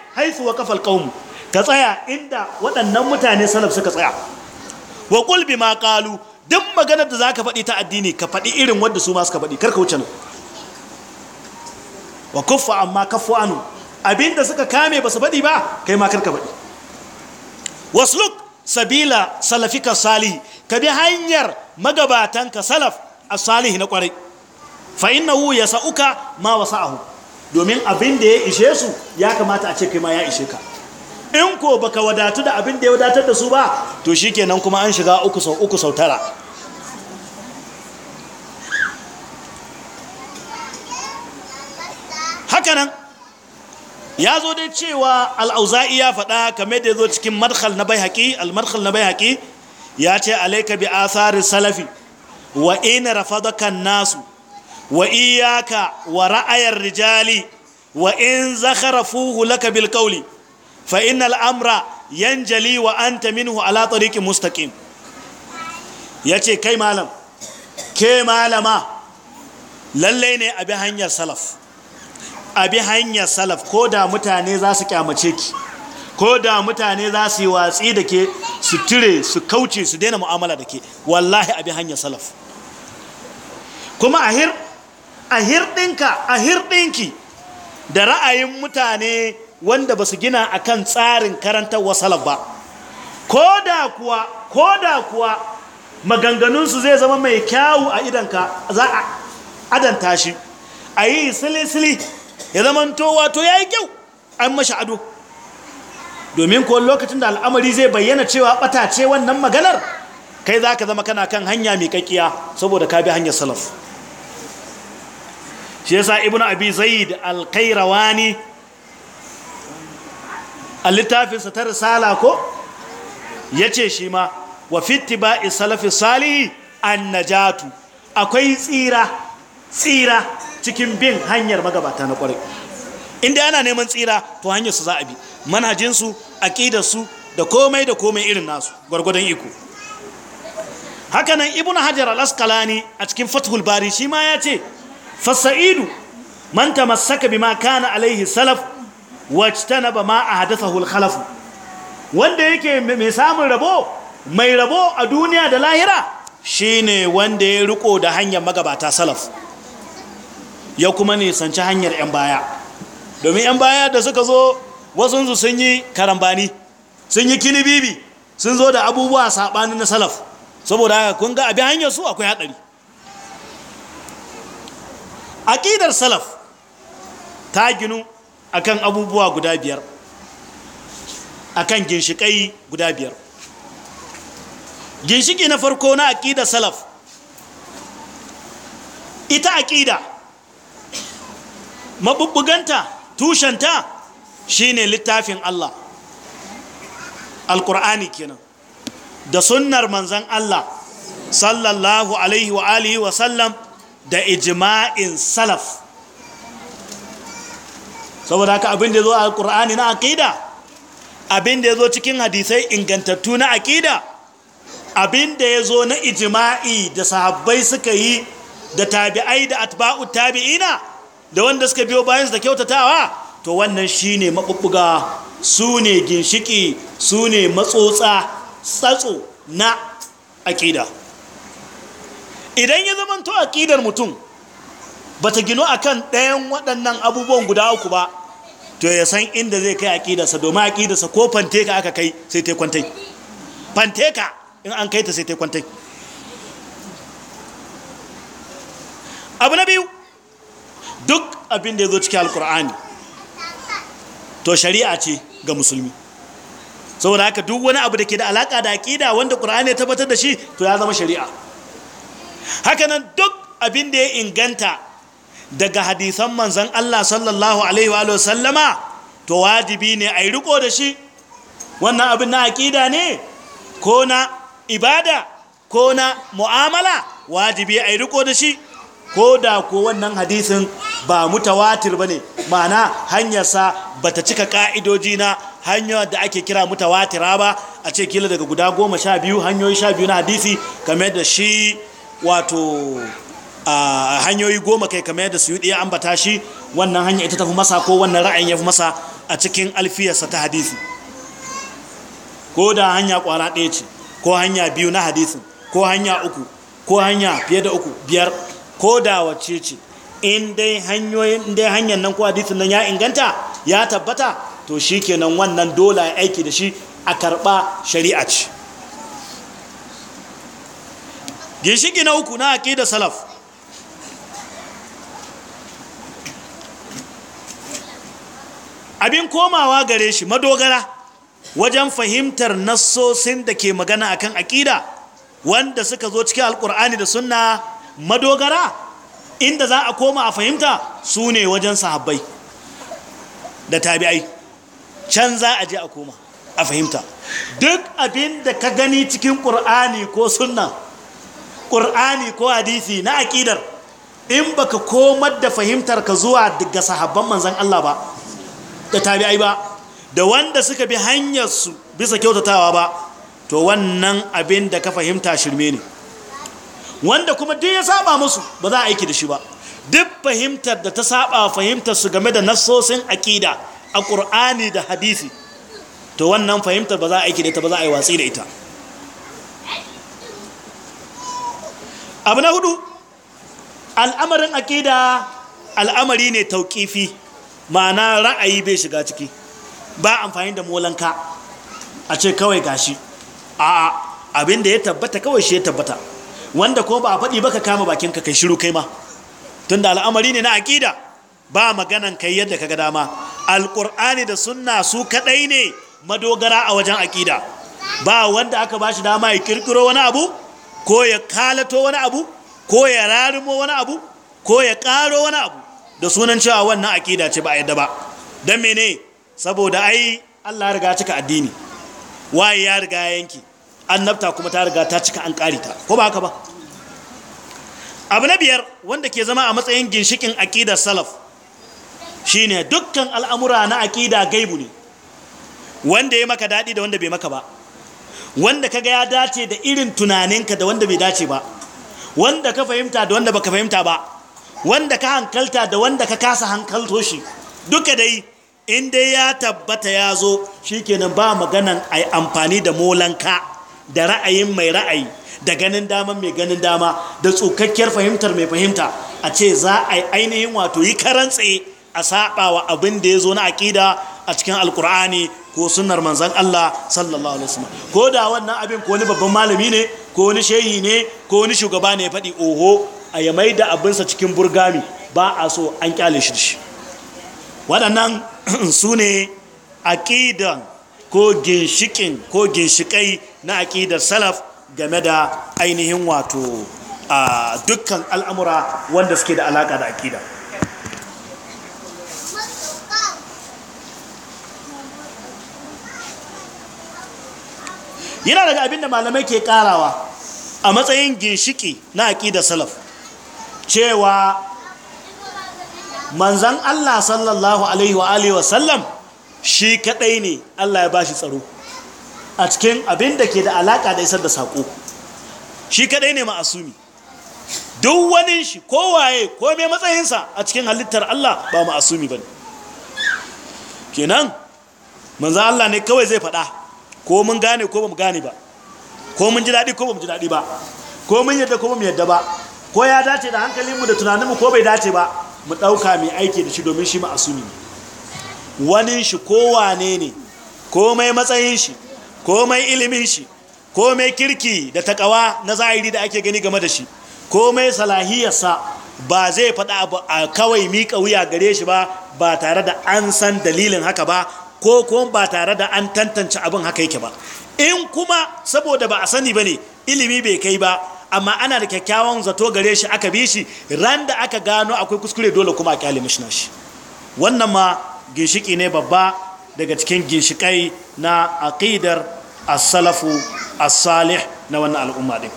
wa waqafa alqawm ka tsaya inda waɗannan mutane salaf suka tsaya wa ƙulbi bima duk maganar da zaka faɗi ta addini ka faɗi irin wanda su ma suka faɗi karka wuce nan wa kuffa amma kafu anu abinda suka kame ba su faɗi ba kai ma karka faɗi wasluk sabila salafika salihi ka bi hanyar magabatanka salaf a salihi na kwarai fa innahu yasauka ma wasa'ahu domin abin da ya ishe su ya kamata a ce kai ma ya ishe ka in ko baka wadatu da abin da ya wadatar da su ba to shikenan kuma an shiga uku sau uku sau tara hakanan ya zo dai cewa al'auza'i ya faɗa kamar da ya zo cikin madkhal na bai haƙi al na bai haƙi ya ce alaika bi asarin salafi wa ina rafadakan nasu wa iyaka wa ra'ayar rijali wa in zakharafuhu laka bil qawli fa innal amra yanjali wa anta minhu ala tariqin Ya yace kai malam ke malama Lallai ne a bi hanyar salaf abi hanyar salaf ko da mutane za su kyamace ki ko da mutane za su yi watsi da ke su tire su kauce su daina mu'amala da ke wallahi abi hanyar salaf kuma a hirɗinka a hirɗinki da ra'ayin mutane wanda ba su gina a kan tsarin karantarwa salaf ba ko da kuwa ko da kuwa maganganunsu zai zama mai kyawu a idanka za a adanta shi a yi silisili. ya zamanto wato ya yi kyau an mashi ado domin kuwa lokacin da al'amari zai bayyana cewa ɓata ce wannan maganar kai za ka zama kana kan hanya mai kakkiya saboda ka bi hanyar salaf shi yasa ibn abi zaid al-kairawani a littafinsa ta risala ko ya ce shi ma wa ba'i salafi salihi an najatu akwai tsira tsira cikin bin hanyar magabata na kwarai inda yana neman tsira to hanyar su za a bi manhajinsu aƙidarsu da komai da komai irin nasu gwargwadon iko hakanan ibnu hajar al-asqalani a cikin fathul bari shi ma ya ce fasa'idu man tamassaka bima kana alaihi salaf wajtanaba ma ahdathahu al-khalaf wanda yake mai samun rabo mai rabo a duniya da lahira Shi ne wanda ya riko da hanyar magabata salaf ya kuma nisanci hanyar 'yan baya domin 'yan baya da suka zo su sun yi karambani sun yi bibi sun zo da abubuwa saɓani na salaf saboda haka kun ga abin hanyar su akwai haɗari aƙidar salaf ta ginu akan abubuwa guda biyar akan ginshiƙai guda biyar ginshiƙi na farko na aƙidar salaf ita aƙida mabubbuganta tushenta shine littafin Allah alkur'ani kenan da sunnar manzan Allah sallallahu alaihi wa alihi wa sallam da ijima'in salaf saboda haka abin da zo alkur'ani na akida, abin da zo cikin hadisai ingantattu na akida, abin da yazo na ijima'i da sahabbai suka yi da tabi'ai da atba'u tabi'ina da wanda suka biyo bayansu da kyautatawa to wannan shine maɓuɓɓuga su ne ginshiki su ne matsotsa tsatso na aƙida idan ya zamanto aƙidar mutum ba ta gino akan ɗayan waɗannan abubuwan guda uku ba to ya san inda zai kai aƙidarsa domin aƙidarsa ko fanteka aka kai sai ta kwantai fanteka in an kai ta sai ta kwantai abu na biyu duk abin da ya zo cikin alkur'ani to shari'a ce ga musulmi saboda haka duk wani abu da ke da alaka da aƙida wanda ƙur'ani ya tabbatar da shi to ya zama shari'a hakanan duk abin da ya inganta daga hadisan manzan Allah sallallahu alaihi wa sallama to wajibi ne a yi riko da shi wannan abin na aƙida ne ko na ibada ko na mu'amala wajibi a yi riko da shi ko da ko wannan hadisin ba mutawatir ne ma'ana hanyarsa ta cika ka'idoji na hanyar da ake kira mutawatira ba a ce kila daga guda goma sha biyu hanyoyi sha biyu na hadisi kamar da shi wato a hanyoyi goma kai kamar yadda suyuɗi ya ambata shi wannan hanya ita tafi masa ko wannan ra'ayin ya fi masa a cikin alfiyarsa ta hadisi ko da hanya kwara ɗaya ce ko hanya biyu na hadisin ko hanya uku ko hanya fiye da uku biyar ko da wacce ce in dai hanyoyin dai hanyar nan ko hadisin nan ya inganta ya tabbata to shi shikenan wannan dole ya aiki da shi a karba shari'a ce ginshiki na uku na da salaf abin komawa gare shi madogara wajen fahimtar nassosin da ke magana akan aƙida wanda suka zo cikin alkur'ani da sunna madogara inda za a koma a fahimta su ne wajen sahabbai da tabi'ai can za a je a koma a fahimta duk abin da ka gani cikin ƙur'ani ko sunna ƙur'ani ko hadisi na aƙidar in ba ka komar da fahimtar ka zuwa daga sahabban manzan Allah ba da tabi'ai ba da wanda suka bi hanyar su bisa kyautatawa ba to wannan abin da ka fahimta shirme ne wanda kuma duk ya saba musu ba za a aiki da shi ba duk fahimtar da ta saba fahimtar su game da nassosin aqida a ƙur'ani da hadisi to wannan fahimtar ba za a aiki da ita ba za a yi watsi da ita abu na hudu al'amarin aqida al'amari ne tauƙifi ma'ana ra'ayi bai shiga ciki ba amfani da molanka a ce kawai gashi a abin da ya tabbata kawai shi ya tabbata wanda ko ba a faɗi ba ka kama bakin ka kai shiru kai ma tunda al'amari ne na aƙida ba maganan kai yadda ka ga dama alƙur'ani da sunna su kaɗai ne madogara a wajen aƙida ba wanda aka ba shi dama ya ƙirƙiro wani abu ko ya kalato wani abu ko ya rarimo wani abu ko ya ƙaro wani abu da sunan cewa wannan aƙida ce ba a yadda ba don mene saboda ai Allah ya riga cika addini waye ya riga yanki annabta kuma ta riga ta cika an ƙari ko ba haka ba abu na biyar wanda ke zama a matsayin ginshikin aƙidar salaf shine dukkan al'amura na aƙida gaibu ne wanda ya maka daɗi da wanda bai maka ba wanda kaga ya dace da irin tunaninka da wanda bai dace ba wanda ka fahimta da wanda baka fahimta ba wanda ka hankalta da wanda ka kasa hankalto shi duka dai in dai ya tabbata ya zo shi kenan ba maganan ai amfani da molanka da ra'ayin mai ra'ayi da ganin dama mai ganin dama da tsukakkiyar fahimtar mai fahimta a ce za a yi ainihin wato yi karantse a saba wa abin da ya zo na aƙida a cikin alkur'ani ko sunnar manzan Allah sallallahu alaihi wasallam ko da wannan abin ko wani babban malami ne ko wani shehi ne ko wani shugaba ne ya faɗi oho a ya mai da abinsa cikin burgami ba a so an kyale shi waɗannan [clears throat] su ne aƙidan ko ginshikin ko ginshikai na aƙidar salaf game da ainihin wato a dukkan al'amura wanda suke da alaƙa da aƙida yana daga abin da malamai ke ƙarawa a matsayin ginshiki na aƙidar salaf cewa manzan Allah sallallahu Alaihi wa Alaihi shi kadai ne Allah ya bashi tsaro a cikin abin da ke da alaka da isar da sako shi kadai ne ma'asumi duk wani shi kowaye ko mai matsayinsa a cikin halittar Allah ba ma'asumi ba ne. kenan manzan Allah ne kawai zai faɗa ko mun gane ko ba mu gane ba ko mun ji daɗi ko ba mu ji daɗi ba ko mun yadda ko ba mu yadda ba ko ya dace da hankalinmu da tunaninmu ko bai dace ba mu ɗauka mai aiki da shi domin shi ma'asumi ne wanin shi ko wane ne komai matsayin shi komai ilimin shi komai kirki da takawa na zahiri da ake gani game da shi komai salahiyarsa ba zai faɗa abu a kawai miƙa wuya gare shi ba ba tare da an san dalilin haka ba ko kuma ba tare da an tantance abin haka yake ba in kuma saboda ba a sani ba ne ilimi bai kai ba amma ana da kyakkyawan zato gare shi aka bi shi ran da aka gano akwai kuskure dole kuma a kyale mishina shi wannan ma ginshiki ne babba daga cikin ginshikai na aqidar as-salafu as-salih na wannan al'umma din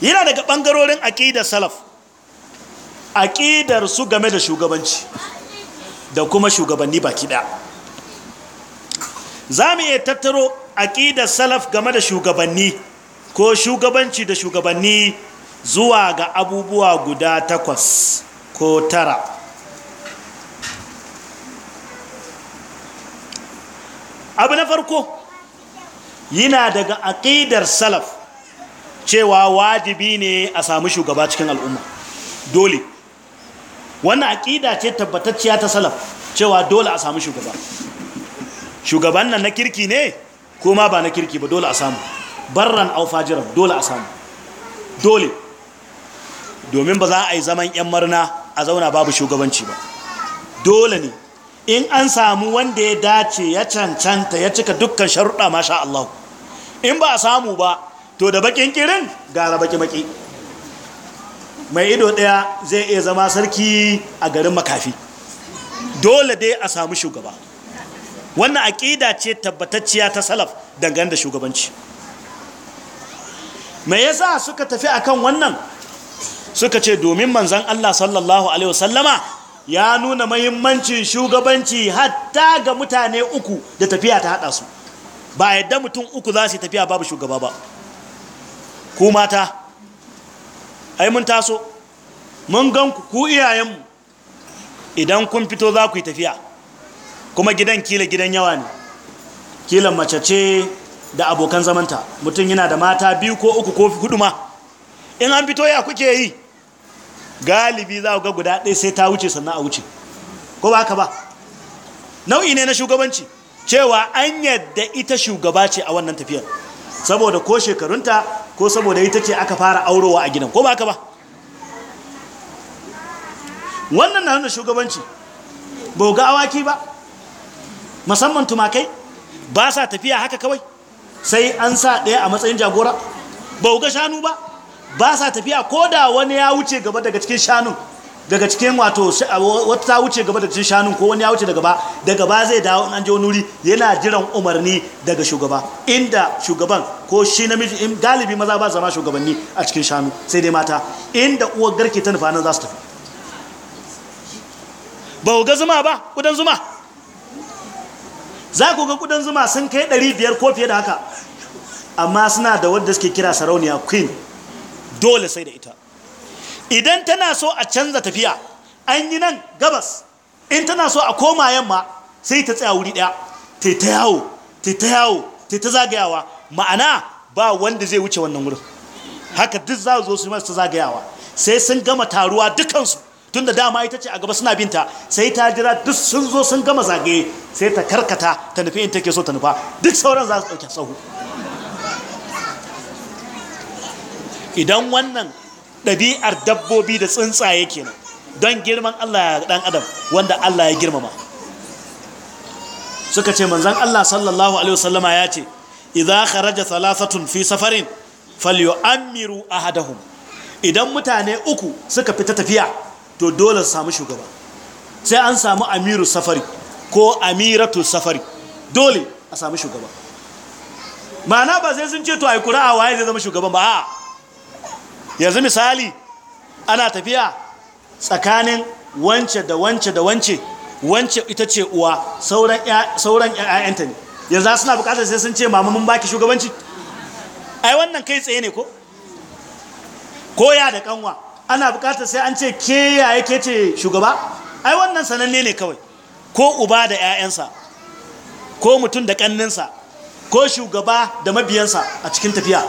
yana daga bangarorin aqidar salaf aqidar su game da shugabanci da kuma shugabanni baki Za zamu iya tattaro aƙidar salaf game da shugabanni ko shugabanci da shugabanni zuwa ga abubuwa guda takwas ko tara abu na farko yana daga aƙidar salaf cewa wajibi ne a samu shugaba cikin al'umma dole wannan aƙida ce tabbatacciya ta salaf cewa dole a samu shugaba shugaban nan na kirki ne ko ba na kirki ba dole a samu barran au fajiran dole a samu dole domin ba za a yi zaman yan marna a zauna babu shugabanci ba dole ne in an samu wanda ya dace ya cancanta ya cika dukkan sharuɗa masha Allah in ba a samu ba to da bakin kirin gara baki-baki mai ido ɗaya zai iya zama sarki a garin makafi dole dai a samu shugaba wannan aƙida ce tabbatacciya ta salaf dangane da shugabanci mai yasa suka tafi akan wannan suka ce domin manzan Allah sallallahu alaihi wasallama ya nuna mahimmancin shugabanci hatta ga mutane uku da tafiya ta haɗa su ba yadda mutum uku za su tafiya babu shugaba ba ku mata ai mun taso mun gan ku ku iyayenmu idan kun fito za ku yi tafiya kuma gidan kila gidan yawa ne kila mace ce da abokan zamanta mutum yana da mata biyu ko uku ko hudu ma in an fito ya kuke yi galibi za ga guda ɗaya sai ta wuce sannan a wuce ko ba ka ba nau'i ne na shugabanci cewa an yadda ita shugaba ce a wannan tafiyar saboda ko shekarunta ko saboda ita ce aka fara aurowa a gidan ko ba ka ba wannan na nuna shugabanci ba ga awaki ba musamman tumakai ba sa tafiya haka kawai sai an sa ɗaya a matsayin jagora ba ga shanu ba ba sa tafiya ko da wani ya wuce gaba daga cikin shanun daga cikin wato wata ta wuce gaba daga cikin shanun ko wani ya wuce daga ba daga ba zai dawo an je nuri yana jiran umarni daga shugaba inda shugaban ko shi namiji in galibi maza ba zama shugabanni a cikin shanu sai dai mata inda uwar garke ta nufa nan za su tafi ba ga zuma ba kudan zuma za ku ga kudan zuma sun kai 500 ko fiye da haka amma suna da wadda suke kira sarauniya queen dole sai da ita idan tana so a canza tafiya an yi nan gabas in tana so a koma yamma sai ta tsaya wuri ɗaya ta ta yawo ta ta yawo ta ta zagayawa ma'ana ba wanda zai wuce wannan wurin haka duk za zo su masu zagayawa sai sun gama taruwa dukansu tunda dama ita ce a gaba suna binta sai ta jira duk sun zo sun gama zagaye sai ta karkata ta nufi in take so ta nufa duk sauran za su ɗauke sahu idan wannan ɗabi'ar dabbobi da tsuntsaye kenan don girman Allah ya ɗan adam wanda Allah ya girmama suka ce manzan Allah sallallahu alaihi wasallama ya ce idza kharaja salasatun fi safarin a hadahun idan mutane uku suka fita tafiya to dole su samu shugaba sai an samu amiru safari ko amiratu safari dole a samu shugaba ma'ana ba sai sun ce to a yi kura waye zai zama shugaban ba a yanzu misali ana tafiya tsakanin wance da wance da wance wance ita ce uwa sauran ‘ya'yanta ne yanzu suna bukatar sai sun ce mamu mun baki shugabanci ai wannan kai tsaye ne ko koya da kanwa ana bukatar sai an ce ke yaya ke ce shugaba ai wannan sananne ne kawai ko uba da ‘ya'yansa ko mutum da ƙanninsa ko shugaba da mabiyansa a cikin tafiya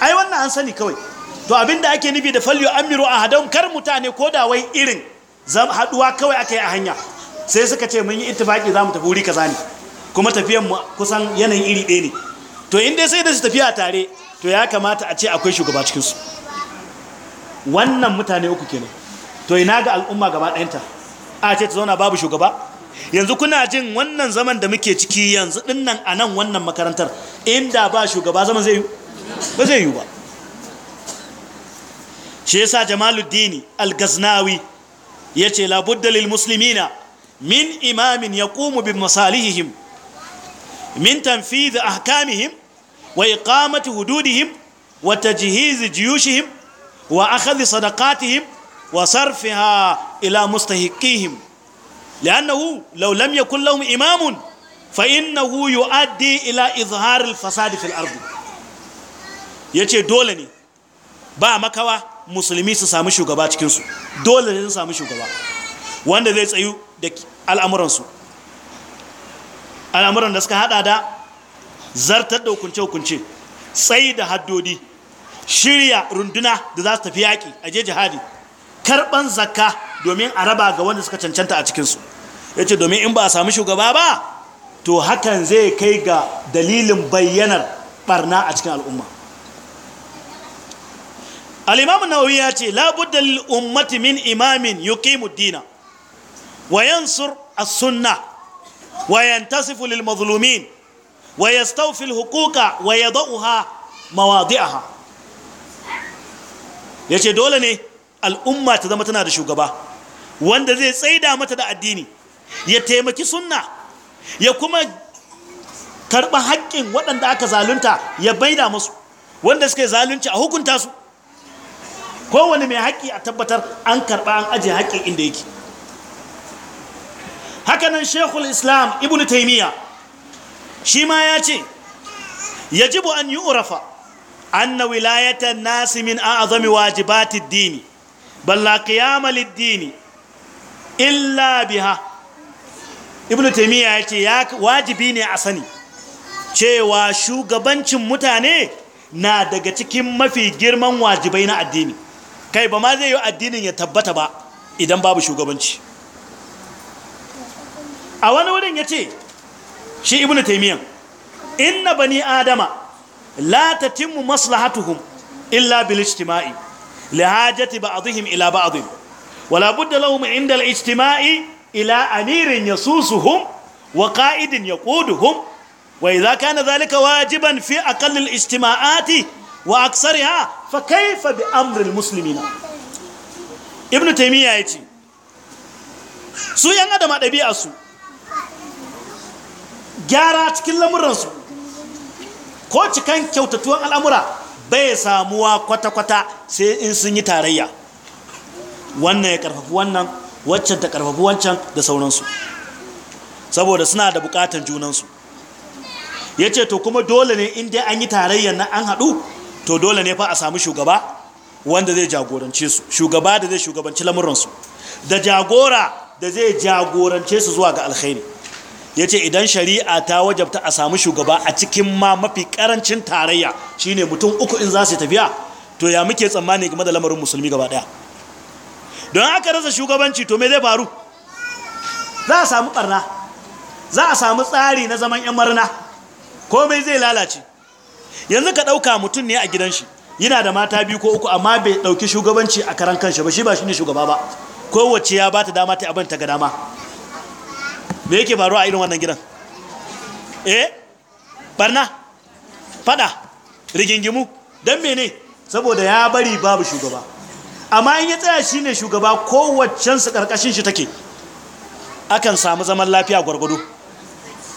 ai wannan an sani kawai to abinda ake nufi da falyo amiru a hadon kar mutane ko da wai irin haduwa kawai aka yi a hanya sai suka ce mun yi ittifaki za mu tafi wuri kaza ne kuma tafiyan mu kusan yanayin iri ɗaya ne to in dai sai da su tafiya tare to ya kamata a ce akwai shugaba cikin su wannan mutane uku kenan to ina ga al'umma gaba ɗayanta a ce ta zauna babu shugaba yanzu kuna jin wannan zaman da muke ciki yanzu dinnan a nan wannan makarantar inda ba shugaba zaman zai yi ba zai yi ba shi yasa jamaluddin al-ghaznawi yace labudda lil muslimina min imamin yaqumu bi masalihihim min tanfidh ahkamihim wa iqamati hududihim wa tajhiz jiyushihim wa akhdh sadaqatihim wa sarfiha ila mustahiqihim لأنه لو imamun يكن لهم إمام فإنه ila إلى إظهار الفساد في yace dole ne ba makawa. musulmi su sami shugaba cikinsu dole ne su sami shugaba wanda zai tsayu da al'amuransu al'amuran da suka hada da zartar da hukunce-hukunce tsayi da haddodi shirya runduna da za su tafi yaƙi a je jihadi karɓan zakka domin a raba ga wanda suka cancanta a cikinsu ya ce domin in ba a sami shugaba ba to hakan zai kai ga dalilin bayyanar barna a cikin al'umma al-imam nawawi ya ce la budda lil ummati min imamin yuqimu ad-dina wa yansur as-sunnah wa yantasifu lil mazlumin wa yastawfi al-huquqa wa yadauha mawadi'aha yace dole ne al'umma ta zama tana da shugaba wanda zai tsaida mata da addini ya taimaki sunna ya kuma karɓa haƙƙin waɗanda aka zalunta ya baida musu wanda suka zalunci a hukunta su kowane mai haƙƙi a tabbatar an karɓa an ajiye haƙƙi inda yake hakanan shekul islam ibn taimiyya shi ma ya ce jibu an yi urafa anna wilayata nasi min an azami wajibati dini balla qiyama dini illa biha ibn taimiyya ya ce wajibi ne a sani cewa shugabancin mutane na daga cikin mafi girman wajibai na addini kai ba ma zai yi addinin ya tabbata ba idan babu shugabanci a wani wurin ya ce shi ibn taimiyan inna bani adama la tatimmu maslahatuhum illa bil ijtima'i li hajati ba'dihim ila ba'd wala budda lahum inda al ijtima'i ila amirin yasusuhum wa ka'idin ya yaquduhum wa idha kana zalika wajiban fi aqall al ijtima'ati wa ya fa kaifa bi amril muslimina ibnu taymiya yace su yan adam ɗabi'a su gyara cikin lamuransu. ko cikan kyautatuwan al'amura bai samuwa kwata-kwata sai in sun yi tarayya wannan ya karfafi wannan waccan ta karfafi wancan da sauransu saboda suna da bukatan junansu ya ce to kuma dole ne in dai an yi tarayyar na an haɗu to dole ne fa a samu shugaba wanda zai jagorance su shugaba da zai shugabanci lamuransu da jagora da zai jagorance su zuwa ga alkhairi ya ce idan shari'a ta wajabta a samu shugaba a cikin ma mafi karancin tarayya ne mutum uku in za su tafiya to ya muke tsammani game da lamarin musulmi gaba daya don aka rasa shugabanci to me zai faru za a samu barna za a samu tsari na zaman yan marna komai zai lalace yanzu ka ɗauka mutum ne a gidanshi. yana da mata biyu ko uku amma bai ɗauki shugabanci a karan kanshi ba shi ba shi ne shugaba ba kowace ya ba ta dama ta abin ta ga dama me yake faruwa a irin wannan gidan eh barna fada rigingimu don mene saboda ya bari babu shugaba amma in ya tsaya shi ne shugaba kowaccensu ƙarƙashin shi take akan samu zaman lafiya gwargwado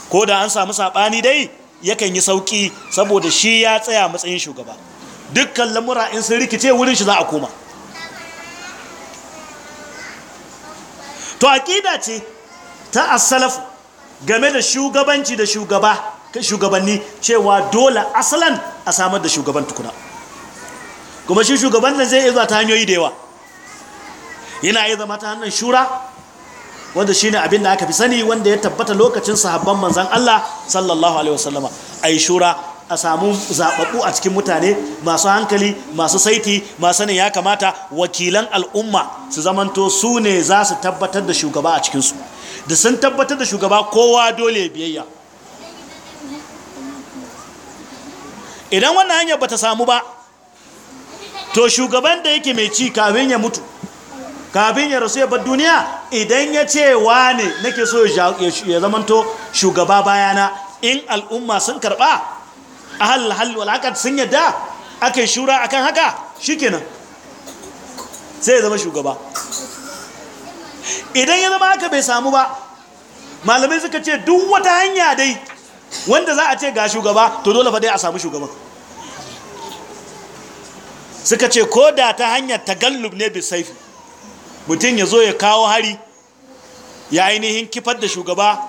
ko da an samu saɓani dai yakan yi sauki saboda shi ya tsaya matsayin shugaba dukkan lamura in sun rikice wurin shi za a koma to aƙida ce ta asalaf game da shugabanci da shugaba shugabanni cewa dole asalan a samar da shugaban tukuna kuma shi shugaban nan zai iya zuwa ta hanyoyi da yawa yana iya zama ta hannun shura wanda ne abin da aka fi sani wanda ya tabbata lokacin sahabban manzan Allah sallallahu alaihi wasallama yi shura a samu zaɓaɓɓu a cikin mutane masu hankali masu saiti masu ne ya kamata wakilan al'umma su zamanto su ne za su tabbatar da shugaba a cikinsu da sun tabbatar da shugaba kowa dole biyayya idan wannan hanyar bata samu ba to shugaban da yake mai ci kafin ya mutu kafin ya rasu ya bar duniya idan ya ce wane nake so ya zamanto shugaba bayana in al'umma sun karba a halal wal sun yadda ake shura a kan haka shikenan sai ya zama shugaba idan ya zama haka bai samu ba malamai suka ce duk wata hanya dai wanda za a ce ga shugaba to dole fa dai a samu shugaban suka ce ko da ta hanyar tagallub ne bisaifi mutum ya zo ya kawo hari ya ainihin kifar da shugaba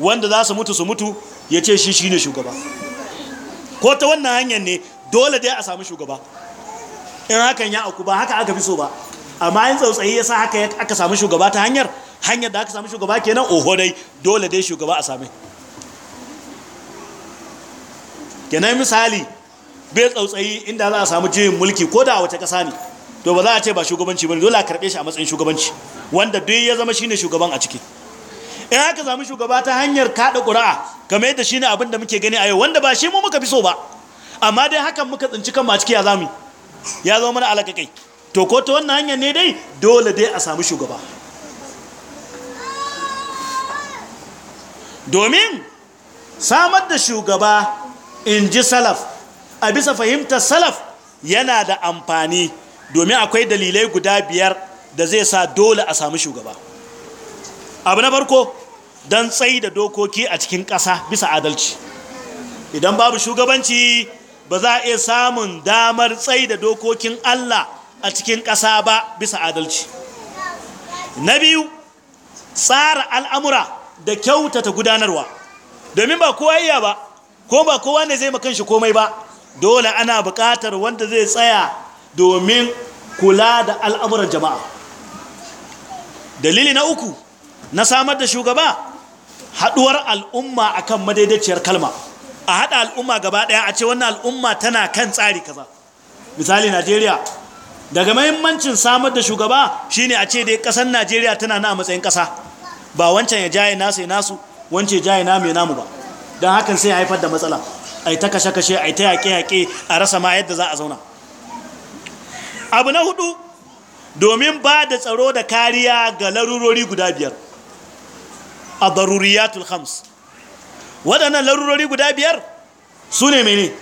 wanda za su mutu su mutu ya ce shi shi ne shugaba ko ta wannan hanyar ne dole dai a samu shugaba in hakan ya aku ba haka aka fi so ba amma in tsautsayi ya sa haka aka samu shugaba ta hanyar hanyar da aka samu shugaba kenan oho dai dole dai shugaba a same kenan misali bai tsautsayi inda za a samu juyin mulki ko da a wace ƙasa ne to ba za a ce ba shugabanci ba dole a karbe shi a matsayin shugabanci wanda duk ya zama shine shugaban a ciki in aka zamu shugaba ta hanyar kada ƙuri'a kamar yadda shine abin da muke gani a yau wanda ba shi mu muka fi so ba amma dai hakan muka tsinci kanmu a ciki ya zamu ya zama mana alaka kai to ko ta wannan hanyar ne dai dole dai a samu shugaba domin samar da shugaba in ji salaf a bisa fahimtar salaf yana da amfani domin akwai dalilai guda biyar da zai sa dole a samu shugaba abu na farko don tsayi da dokoki a cikin ƙasa bisa adalci idan babu shugabanci ba za a iya samun damar tsayi da dokokin Allah a cikin ƙasa ba bisa adalci na biyu tsara al'amura da kyautata gudanarwa domin ba kowa iya ba ko ba kowa ne zai makanshi shi komai ba dole ana buƙatar wanda zai tsaya domin kula da al'amuran jama'a dalili na uku na samar da shugaba haɗuwar al'umma akan madaidaiciyar kalma a haɗa al'umma gaba ɗaya a ce wannan al'umma tana kan tsari kaza misali najeriya daga mahimmancin samar da shugaba shine a ce dai ƙasar najeriya tana na a matsayin ƙasa ba wancan ya jaye nasu ya nasu wance jaye na mai namu ba don hakan sai haifar da matsala a yi ta kashe-kashe a ta yaƙe-yaƙe a rasa ma yadda za a zauna abu na hudu domin ba da tsaro da kariya ga larurori guda biyar a daruriyatul hams waɗannan larurori guda biyar su ne mene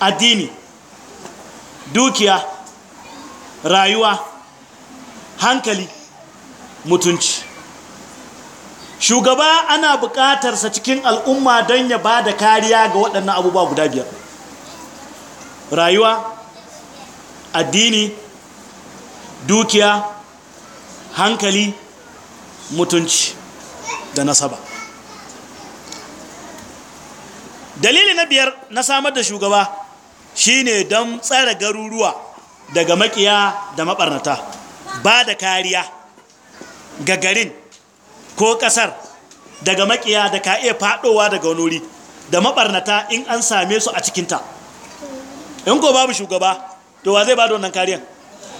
addini dukiya rayuwa hankali mutunci shugaba ana buƙatarsa cikin al'umma don ya ba da kariya ga waɗannan abubuwa guda biyar rayuwa addini dukiya hankali mutunci da nasaba dalili na biyar na samar da shugaba shine don tsara garuruwa daga makiya da maɓarnata, ba da kariya ga garin ko ƙasar, daga makiya da ka iya fadowa daga wani da maɓarnata in an same su a cikinta in ko babu shugaba to wa zai ba da wannan kariyan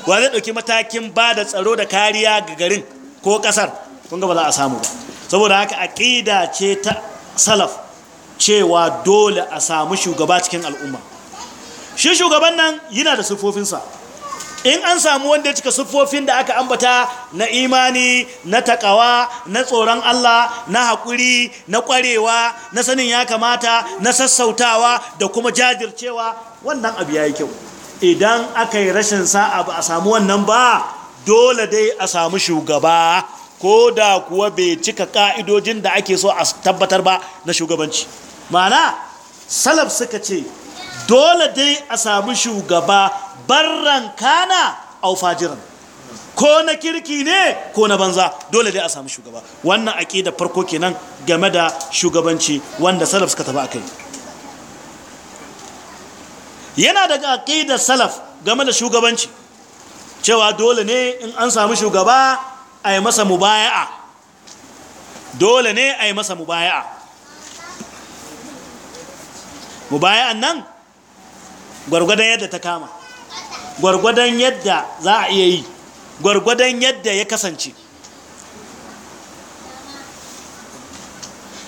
wa zai ɗauki matakin ba da tsaro da kariya ga garin ko ƙasar kun ga ba za a samu ba saboda haka aƙida ce ta salaf cewa dole a samu shugaba cikin al'umma shi shugaban nan yana da siffofinsa in an samu wanda ya cika siffofin da aka ambata na imani na takawa na tsoron Allah na haƙuri na ƙwarewa na sanin ya kamata na sassautawa da kuma jajircewa wannan abu ya yi kyau idan aka yi rashin sa'a ba a samu wannan ba dole dai a samu shugaba ko da kuwa bai cika ka'idojin da ake so a tabbatar ba na shugabanci mana salaf suka ce dole dai a samu shugaba barran kana aufajiran ko na kirki ne ko na banza dole dai a samu shugaba wannan da farko kenan game da shugabanci wanda salaf suka tafi kai. yana daga aqidar salaf game da shugabanci cewa dole ne in an samu shugaba a yi masa mubaya'a dole ne a yi masa mubaya'a mubaya'an nan gwargwadon yadda ta kama gwargwadon yadda za a iya yi gwargwadon yadda ya kasance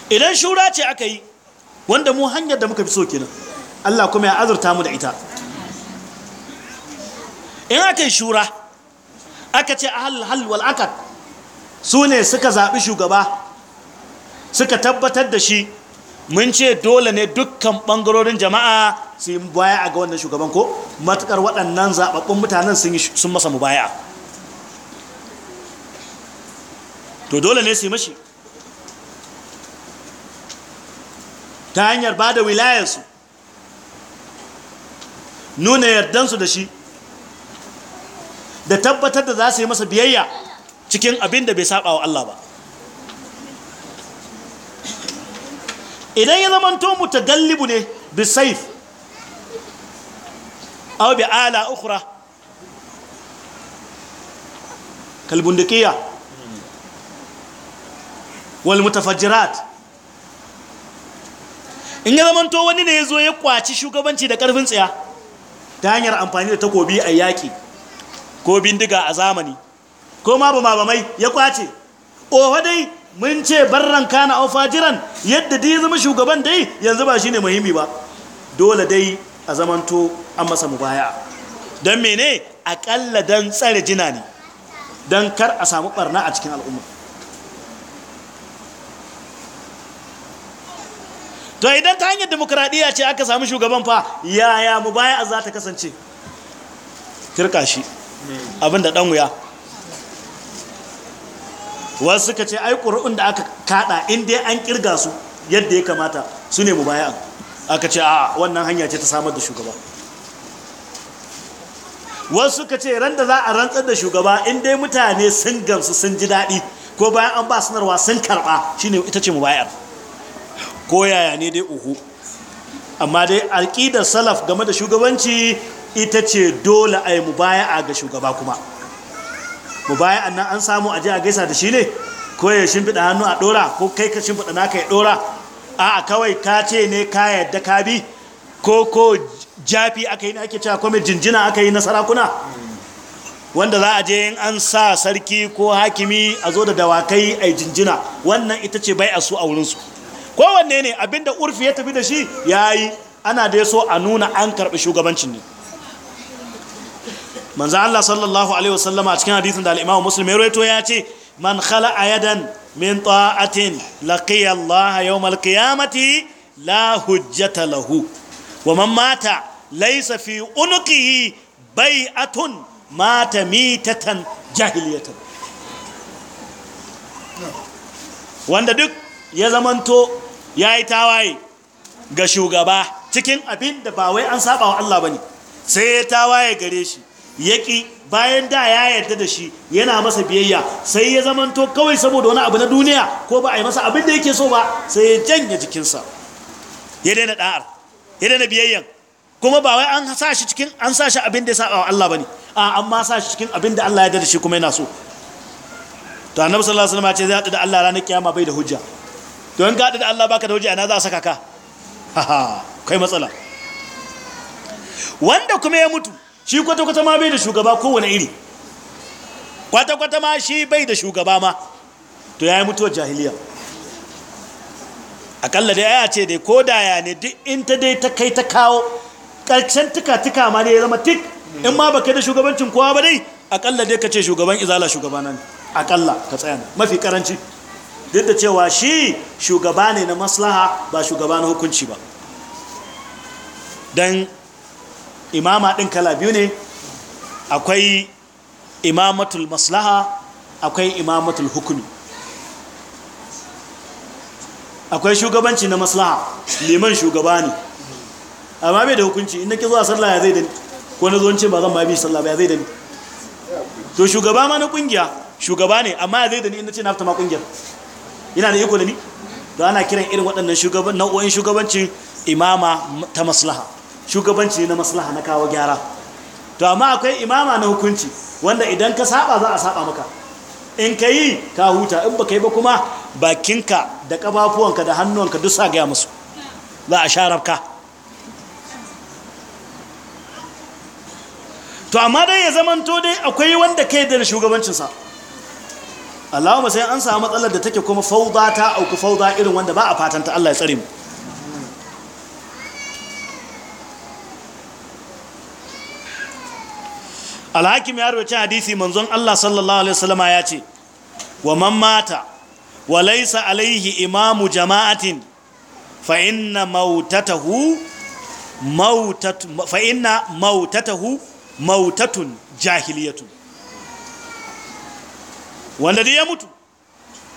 idan shura ce aka yi wanda mu hanyar da muka fi so kenan Allah kuma ya azurta mu da ita in aka yi shura aka ce ahal wal akad su ne suka zaɓi shugaba suka tabbatar da shi mun ce dole ne dukkan ɓangarorin jama'a su yi baya a ga wannan shugaban ko matuƙar waɗannan zaɓaɓɓun mutanen sun masa mu baya to dole ne su yi mashi ta hanyar ba da wilayensu. nuna yardansu da shi da tabbatar da za su yi masa biyayya cikin abin da bai saba wa Allah ba idan ya zama to mutagallibu ne bi saif aw bi ala ukhra kalbundukiya wal mutafajirat in ya zama to wani ne ya zo ya kwaci shugabanci da karfin tsaya ta hanyar amfani da takobi a yaƙi ko bindiga a zamani ko ma ba mabamai ya kwace oho dai mun ce barran kana au fajiran yadda dai zama shugaban dai yanzu ba shi ne muhimmi ba dole dai a zamanto an masa mu baya don mene aƙalla don tsare jina ne don kar a samu ɓarna a cikin al'umma to idan ta hanyar demokradiyya ce aka samu shugaban fa yaya mu baya za ta kasance kirka shi abinda dan wuya wasu suka ce ai ƙuri'un da aka kada in dai an kirga su yadda ya kamata su ne mu baya aka ce a wannan hanya ce ta samar da shugaba wasu suka ce ran da za a rantsar da shugaba in dai mutane sun gamsu sun ji daɗi ko bayan an ba sanarwa sun karɓa shine ita ce mu bayar ko ne dai uhu amma dai alƙidar salaf game da shugabanci ita ce dole a yi a ga shugaba kuma mubaya'a nan an samu a a gaisa da shi ne ko ya shimfiɗa hannu a ɗora ko kai ka shimfiɗa naka ya ɗora a kawai ka ce ne ka yadda ka bi ko ko jafi aka yi na ake cewa kome jinjina aka yi na sarakuna wanda za a je in an sa sarki ko hakimi a zo da dawakai a jinjina wannan ita ce bai a su a wurinsu kowanne ne abinda urfi ya tafi da shi ya yi ana da so a nuna an karɓi shugabancin ne manzan Allah sallallahu Alaihi wasallama a cikin hadithin da al'imamu musulmi reto ya ce man khala a yadan min ta'atin laqiya Allah yau malkiyamati la hujjata lahu wa man mata laisa fi unuqihi bai'atun mata mitatan jahiliyatan wanda duk ya zamanto ya yi tawaye ga shugaba cikin abin da ba wai an saba wa Allah ba ne sai ya tawaye gare shi yaƙi bayan da ya yarda da shi yana masa biyayya sai ya zamanto kawai saboda wani abu na duniya ko ba a yi masa abin da yake so ba sai ya janye jikinsa ya daina da'ar ya daina biyayyan kuma ba wai an sa shi cikin an sa shi abin da ya saba wa Allah bane a an ma sa shi cikin abin da Allah ya yarda da shi kuma yana so to annabi sallallahu alaihi wasallam ya ce zai haɗu da Allah ranar kiyama bai da hujja to in ka da Allah baka da hujja ina za a saka ka haha kai matsala wanda kuma ya mutu shi kwata-kwata ma bai da shugaba kowane iri kwata-kwata ma shi bai da shugaba ma to ya yi mutuwar jahiliya akalla dai aya ce dai ko da ya ne duk in ta dai ta kai ta kawo ƙarshen tuka-tuka ma ne ya zama tik in ma ba kai da shugabancin kowa ba dai akalla dai ka ce shugaban izala shugaba ne akalla ka tsaya mafi karanci duk da cewa shi shugaba ne na maslaha ba shugaba na hukunci ba don imama ɗin kala biyu ne akwai imamatul maslaha akwai imamatul hukumi akwai shugabanci na maslaha liman shugaba ne amma bai da hukunci inda ki zuwa sallah ya zai ni? ko na zuwanci ba zan ba bi sallah ba ya zai da ni? to shugaba ma na kungiya shugaba ne amma ya zai da ni inda ce na fita ma kungiyar yana da iko da ni ana kiran irin waɗannan shugaban nau'o'in shugabanci imama ta maslaha shugabanci na maslaha na kawo gyara to amma akwai imama na hukunci wanda idan ka saba za a saba maka in ka yi ka huta in ba ka yi ba kuma bakinka da ƙafafuwanka da hannuwanka duk sa gaya musu za a sharafka to amma dai ya zamanto dai akwai wanda ka yi da shugabancinsa Allahumma sai an samu matsalar da take kuma fauda ta auku fauda irin wanda ba a ta Allah ya tsare mu alhakim ya rubuta hadisi manzon Allah sallallahu alaihi wasallam ya ce wa man mata wa laysa alaihi imamu jama'atin fa inna mautatahu mautat fa inna mautatahu mautatun jahiliyatun wanda dai ya mutu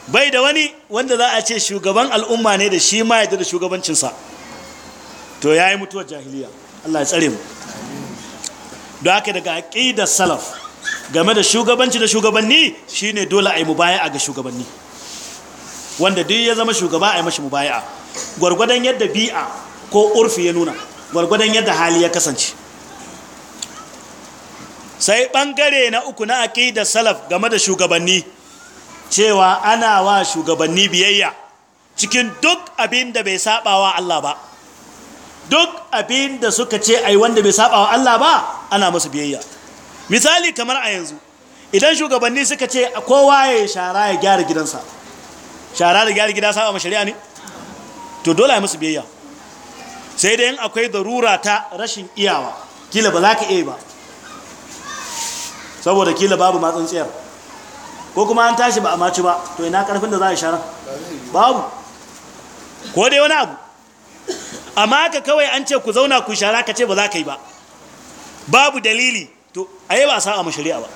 bai da wani wanda za a ce shugaban al'umma ne da shi ma yadda da shugabancinsa to ya yi mutuwar jahiliya Allah ya tsare mu don haka daga aƙidar salaf game da shugabanci da shugabanni shine dole a yi mubaya'a ga shugabanni wanda duk ya zama shugaba a yi mashi mubaya'a gwargwadon yadda bi'a ko urfi ya nuna gwargwadon yadda hali ya kasance sai ɓangare na uku na aƙida salaf game da shugabanni cewa ana wa shugabanni biyayya cikin duk abin da bai wa Allah ba duk abin da suka ce ai wanda bai wa Allah ba ana masa biyayya misali kamar a yanzu idan shugabanni suka ce kowa ya shara ya gyara gidansa shara da gyara gida saɓa ma shari'a ne to dole ai masa biyayya sai dai akwai darura ta rashin iyawa kila ba za ka iya ba saboda kila babu matsin tsayar, ko kuma an tashi ba a maci ba to ina karfin da za a sharan babu ko dai wani abu amma ka kawai an ce ku zauna ku shara ka ce ba za ka yi ba babu dalili to a yi ba a sa'a mashari'a ba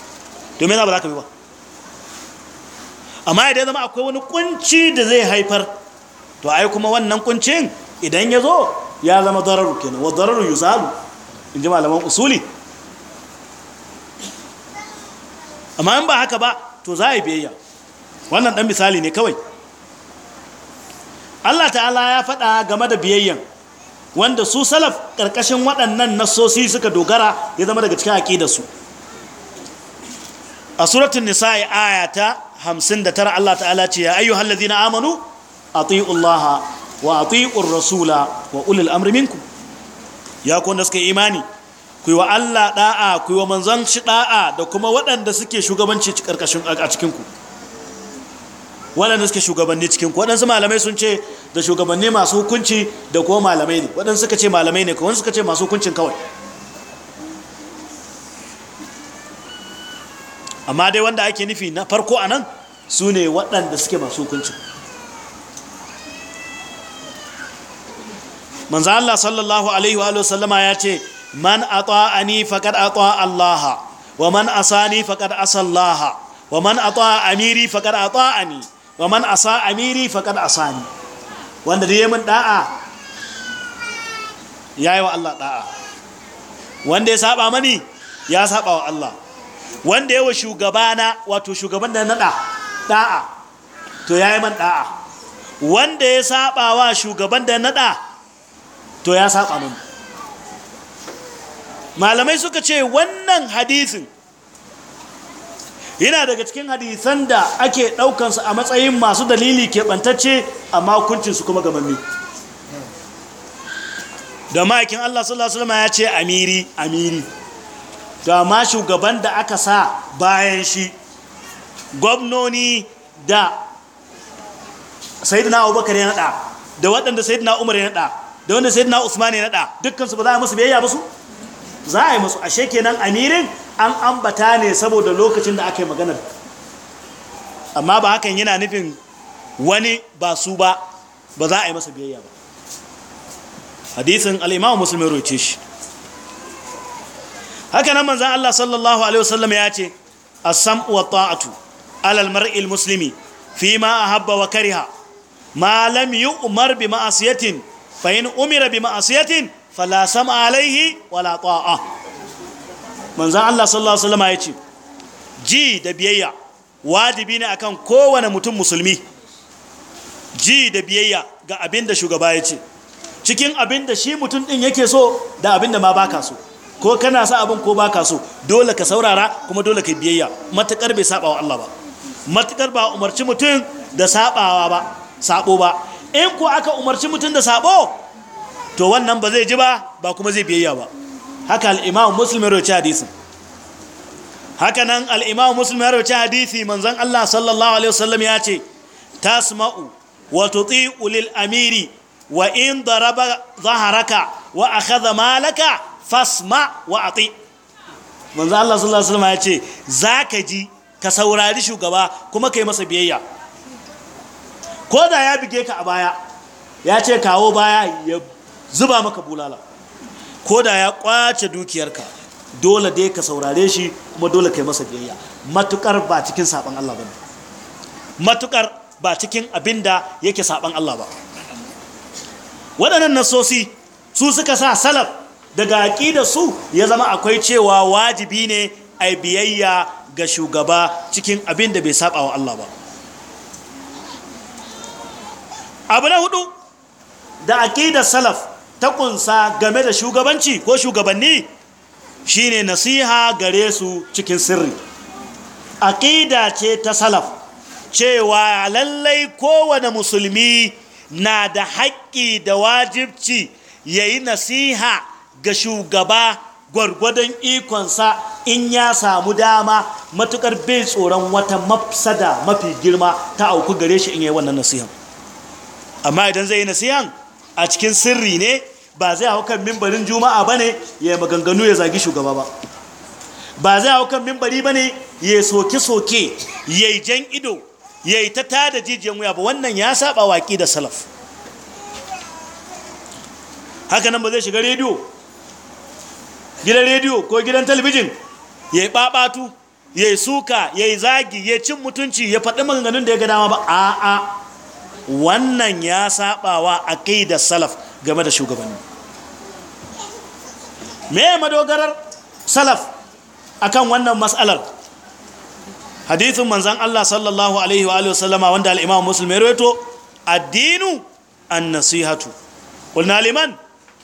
to me za ba za ka yi ba amma idan zama akwai wani kunci da zai haifar to ai kuma wannan kuncin idan ya zo ya zama dararu kenan wa dararu yuzalu in ji malaman usuli amma in ba haka ba to za a yi biyayya wannan dan misali ne kawai Allah ta'ala ya faɗa game da biyayyan wanda su salaf ƙarƙashin waɗannan nasosi suka dogara ya zama daga cikin su a suratun nisa'i aya ta tara Allah ta'ala ce ya ayyuhal na amanu atiullaha wa atiur rasula wa ulil amri minku ya ku suka imani ku wa Allah da'a ku wa manzon shi da'a da kuma waɗanda suke shugabanci a cikinku. waɗanda suke shugabanni cikinku waɗansu malamai sun ce da shugabanni masu hukunci da kuma malamai ne waɗansu suka ce malamai ne kawai suka ce masu hukuncin kawai amma dai wanda ake nufi na farko a nan su ne waɗanda suke masu hukuncin manzan Allah sallallahu Alaihi wa sallama ya ce man ata'ani a ata'a Allah wa man asani faqad a Allah wa man ata'a amiri faqad ata'ani wa man sa amiri faqad asani wanda da yayin da'a yi wa Allah da'a wanda ya saba mani ya saba wa Allah wanda ya wa shugabana wato shugaban da naɗa, da'a to ya yi man da'a wanda ya saba wa shugaban da naɗa, to ya saba mani malamai suka ce wannan hadisin yana daga cikin hadisan da ake ɗaukansu a matsayin masu dalili keɓantacce a makuncinsu kuma gamammi da ma'aikin Allah sallallahu Alaihi ya ce amiri amiri da ma shugaban da aka sa bayan shi gwamnoni da sayidina abubakar ya naɗa da waɗanda sayidina umar ya naɗa da wanda sayidina usman ya naɗa dukkan su ba za a musu biyayya ba su za a yi masu ashe kenan amirin an ambata ne saboda lokacin da aka yi maganar amma ba hakan yana nufin wani ba su ba ba za a yi masa biyayya ba hadisin al'imamu musulmi roce shi haka nan manzan Allah sallallahu Alaihi wasallam ya ce asam wa ta'atu alal mar'il fi ma a habba wa kariha ma lam yi umar bi ma'asiyatin fa yin umira bi ma'asiyatin fala sama alaihi wala ta'a manzon Allah sallallahu alaihi wasallam ya ce ji da biyayya wajibi ne akan kowane mutum musulmi ji da biyayya ga abinda shugaba ya ce cikin abinda shi mutum din yake so da abinda ma baka so ko kana sa abin ko baka so dole ka saurara kuma dole ka biyayya matakar bai saba wa Allah ba matakar ba umarci mutum da sabawa ba sabo ba in ko aka umarci mutum da sabo to wannan ba zai ji ba ba kuma zai biyayya ba haka al'imam musulmi ya roci hadisi haka nan al'imam muslim ya hadisi manzan Allah sallallahu alaihi wasallam ya ce tasma'u wa tuti'u lil amiri wa in daraba zaharaka wa akhadha malaka fasma wa ati manzan Allah sallallahu alaihi wasallam ya ce zaka ji ka saurari shugaba kuma kai masa biyayya ko da ya bige ka a baya ya ce kawo baya ya zuba maka bulala ko da ya kwace dukiyarka dole dai ka saurare shi kuma dole kai masa biyayya matukar ba cikin saban Allah ba matukar ba cikin abin da yake saban Allah ba waɗannan nasosi su suka sa salaf daga aƙida su ya zama akwai cewa wajibi ne a biyayya ga shugaba cikin abin da bai saba wa Allah ba abu na hudu da aƙidar salaf ta kunsa game da shugabanci ko shugabanni shine nasiha gare su cikin sirri aqida ce ta salaf cewa lallai kowane musulmi na da haƙƙi da wajibci yayi nasiha ga shugaba gwargwadon ikonsa in ya samu dama matukar bai tsoron wata mafsada mafi girma ta auku gare shi in yi wannan nasiha amma idan zai yi nasihan a cikin sirri ne ba zai hau kan mimbarin juma'a ba ne ya maganganu ya zagi shugaba ba ba zai hau kan mimbari ba ne ya soke-soke ya yi jan ido ya yi ta tada jijiyan wuya ba wannan ya saba waƙi da salaf haka nan ba zai shiga rediyo gidan rediyo ko gidan talabijin ya yi ɓaɓatu ya yi suka ya yi zagi ya cin mutunci ya faɗi maganganun da ya ga dama ba a'a wannan ya saba wa da salaf game da shugabanni me madogarar salaf akan wannan mas'alar hadithin manzan Allah sallallahu alaihi wa wasallama wanda al-Imam Muslim ya rawaito addinu an-nasihatu qulna liman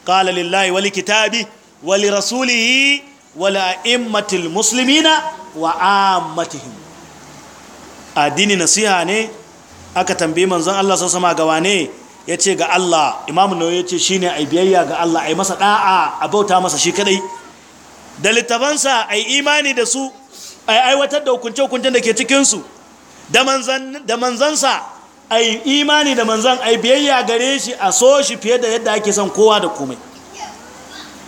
qala lillahi wali kitabi, wali rasulihi, wa a'immatil musulmina wa ammatihim addini nasiha ne aka tambayi manzan Allah sallallahu alaihi wa ya ce ga Allah imamu nauyi ya ce shi ne a biyayya ga Allah a yi masa ɗa'a a bauta masa shi kadai da littabansa a yi imani da su a yi aiwatar da hukunce-hukuncen da ke cikinsu da manzansa a yi imani da manzan a yi biyayya gare shi a so shi fiye da yadda ake son kowa da komai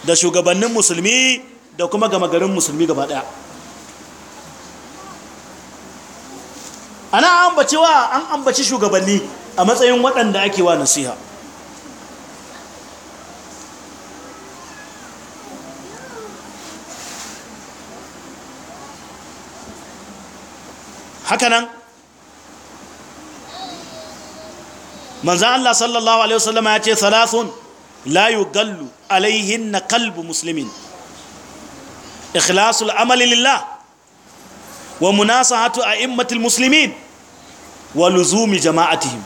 da shugabannin musulmi da kuma gama garin musulmi gaba ɗaya ana ambaci an ambaci shugabanni a matsayin waɗanda ake wa nasiha hakanan manzan Allah sallallahu Alaihi ya ce salasun layu gallu alaihin na kalbu musulmin ikhlasul amali lillah wa munasahatu a'immatil musulmin wa luzumi jama'atihim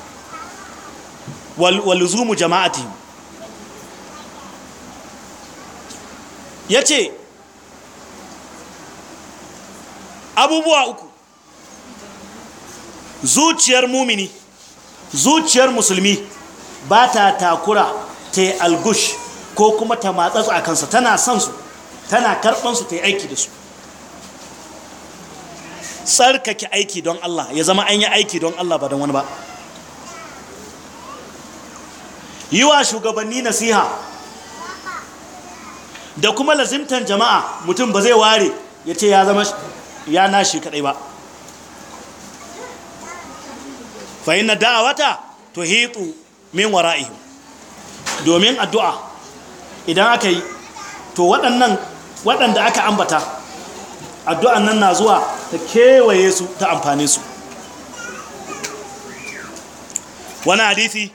waluzumu jama'ati yace abubuwa uku zuciyar mumini zuciyar musulmi ba ta takura ta algush ko kuma ta matsatsu a kansa tana son su tana su ta yi aiki da su tsarkake aiki don Allah ya zama an yi aiki don Allah ba don wani ba yi wa shugabanni nasiha da kuma lazimtan jama'a mutum ba zai ware ya ce ya zama ya nashi kadai ba fahim na da'awata to hitu min wara'i domin addu'a idan aka yi to waɗannan waɗanda aka ambata addu'an nan na zuwa ta kewaye su ta amfani su wani hadisi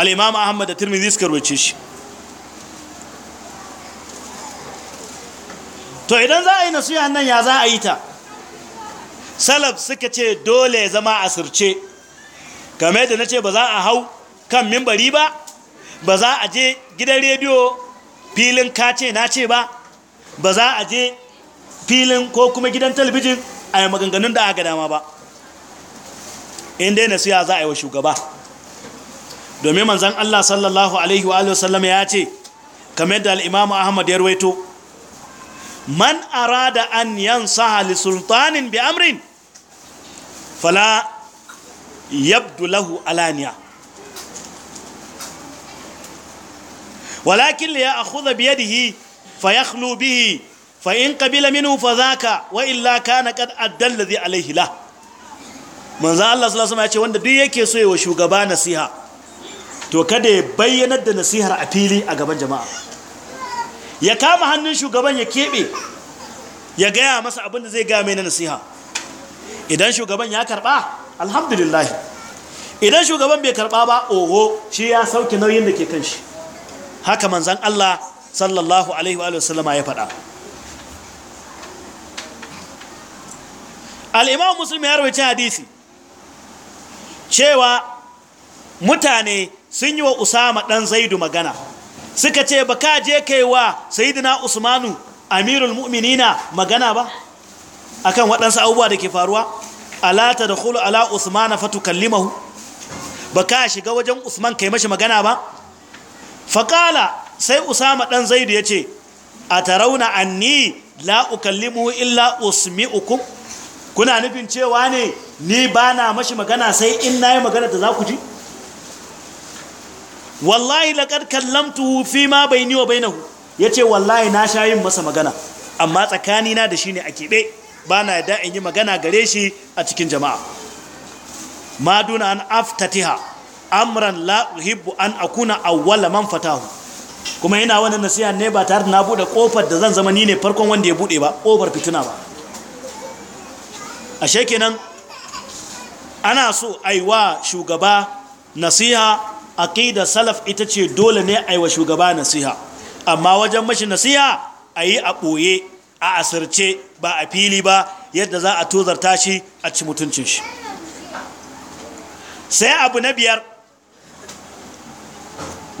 al-imam ahmad da zai suka shi to idan za a yi nasu nan ya za a yi ta salaf suka ce dole ya zama sirce kamar yadda na ce ba za a hau kan mimbari ba ba za a je gidan rediyo filin kace na ce ba ba za a je filin ko kuma gidan talabijin a yi maganganun da aka dama ba inda yana siya za a yi wa shugaba domin manzan Allah sallallahu alaihi wa sallam ya ce kamar da al'imamu Ahmad ya ruwaito man arada an yansaha sahali sultanin bi amrin fala yabdu lahu alaniya walakin li ya'khudha bi yadihi fayakhlu bihi fa in kabila qabila minhu zaka. wa illa kana qad addalla alaihi la manzo Allah sallallahu alaihi wasallam ya ce wanda duk yake so yawa shugaba nasiha to kada ya bayyanar da nasihar a fili a gaban jama'a ya kama hannun shugaban ya keɓe ya gaya masa abin da zai gaya mai na nasiha idan shugaban ya karɓa alhamdulillahi idan shugaban bai karɓa ba oho shi ya sauke nauyin da ke kan shi haka manzan Allah sallallahu alaihi wa sallama ya faɗa al'imam musulmi ya rawaita hadisi cewa mutane sun yi wa usama ɗan zaidu magana suka ce ba ka je kai wa sayidina usmanu amirul mu'minina magana ba akan waɗansu abubuwa da ke faruwa alata da khulu ala usmana fatu kallimahu ba ka shiga wajen usman kai mashi magana ba Fakala sai usama ɗan zaidu ya ce a tarauna anni la'u kallimahu illa usmi uku. kuna nufin cewa ne ni ba na mashi magana sai in na yi magana da za ku ji wallahi laqad kallamtu fi ma bayni wa bainahu yace wallahi na sha yin masa magana amma tsakani na da shi ne a keɓe ba na da in yi magana gare shi a cikin jama'a maduna an aftatiha amran la uhibbu an akuna awwala man fatahu kuma yana wannan nasiha ne ba tare da na bude kofar da zan zama ni ne farkon wanda ya bude ba kofar fituna ba ashe kenan ana so aiwa shugaba nasiha aqida salaf ita ce dole ne a yi wa shugaba nasiha amma wajen mashi nasiha a yi a ɓoye a asirce ba a fili ba yadda za a tozarta shi a ci mutuncin shi sai abu na biyar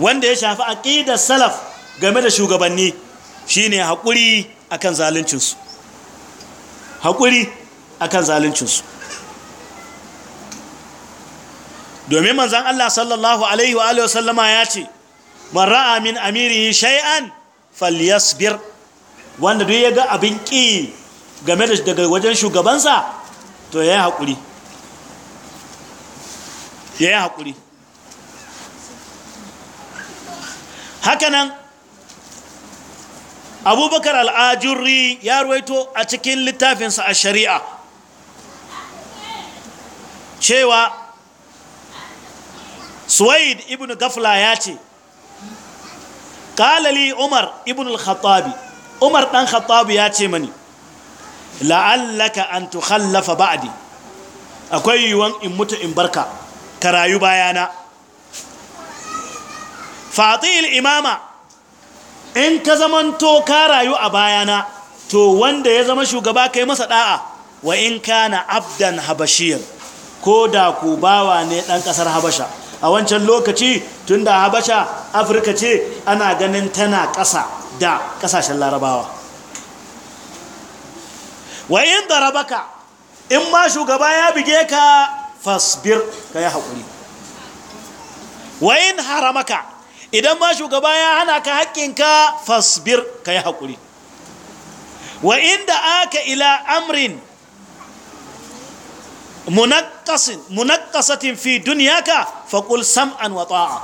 wanda ya shafi aqidar salaf game da shugabanni shine haƙuri akan zaluncinsu akan zaluncinsu domin manzan Allah sallallahu alaihi wa sallama ya ce man ra'a min shai'an shay'an falyasbir wanda duk ya ga abin ƙi game da daga wajen shugabansa to ya yi haƙuri ya yi haƙuri hakanan abubakar al'ajurri ya ruwaito a cikin littafinsa a shari'a cewa suwaid ibn gafla ya ce kalali umar ibn al-khattabi umar dan khattabi ya ce mani la'allaka an tukhallafa ba'di akwai yiwuwan in mutu in barka ka rayu bayana fatil imama in ka zamanto ka rayu a bayana to wanda ya zama shugaba kai masa da'a wa in kana abdan habashiyar ko da ku bawa ne dan kasar habasha a wancan lokaci tun da habasha afirka ce ana ganin tana ƙasa da ƙasashen larabawa wayin da rabaka in ma shugaba ya bige ka fasbir ka yi haƙuri wayin haramaka idan ma shugaba ya hana ka haƙƙinka fasbir ka yi haƙuri wayin da aka ila amrin Munakasatin munakkasatin fi dunyaka faƙul sam'an wa ta'a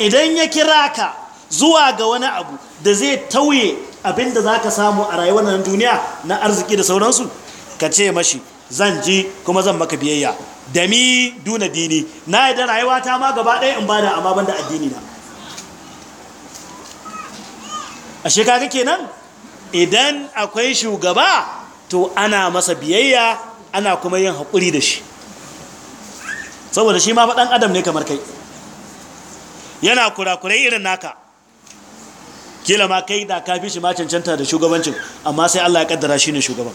idan ya kira ka zuwa ga wani abu da zai tauye abinda ka samu a rayuwar nan duniya na arziki da sauransu ka ce mashi zan ji kuma zan maka biyayya da mi duna dini na yadda rayuwa ta ma gaba ɗaya in bada amma banda addini na a shekara kenan idan akwai shugaba to ana masa biyayya ana kuma yin haƙuri da shi saboda shi ma faɗan adam ne kamar kai yana kurakurai irin naka kila ma kai da kafi shi ma cancanta da shugabancin amma sai Allah ya kaddara shi ne shugaban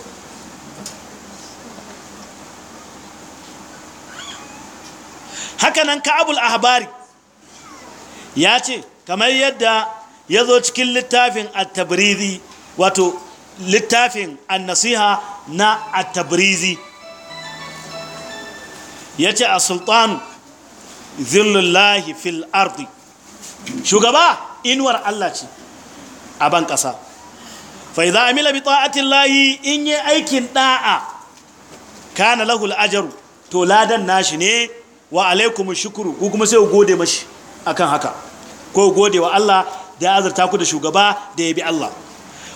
hakanan ka'abul ahbari ya ce kamar yadda ya zo cikin littafin at wato littafin an-nasiha na at ya ce a sultanu zillullahi fil ardi shugaba inuwar Allah ce a ban ƙasa fai za a mila bi ta'atillahi in yi aikin ɗa'a kana lahul ajaru to ladan nashi ne wa alaikum shukuru ku kuma sai gode mashi akan haka ko gode wa Allah da ya azurta ku da shugaba da ya bi Allah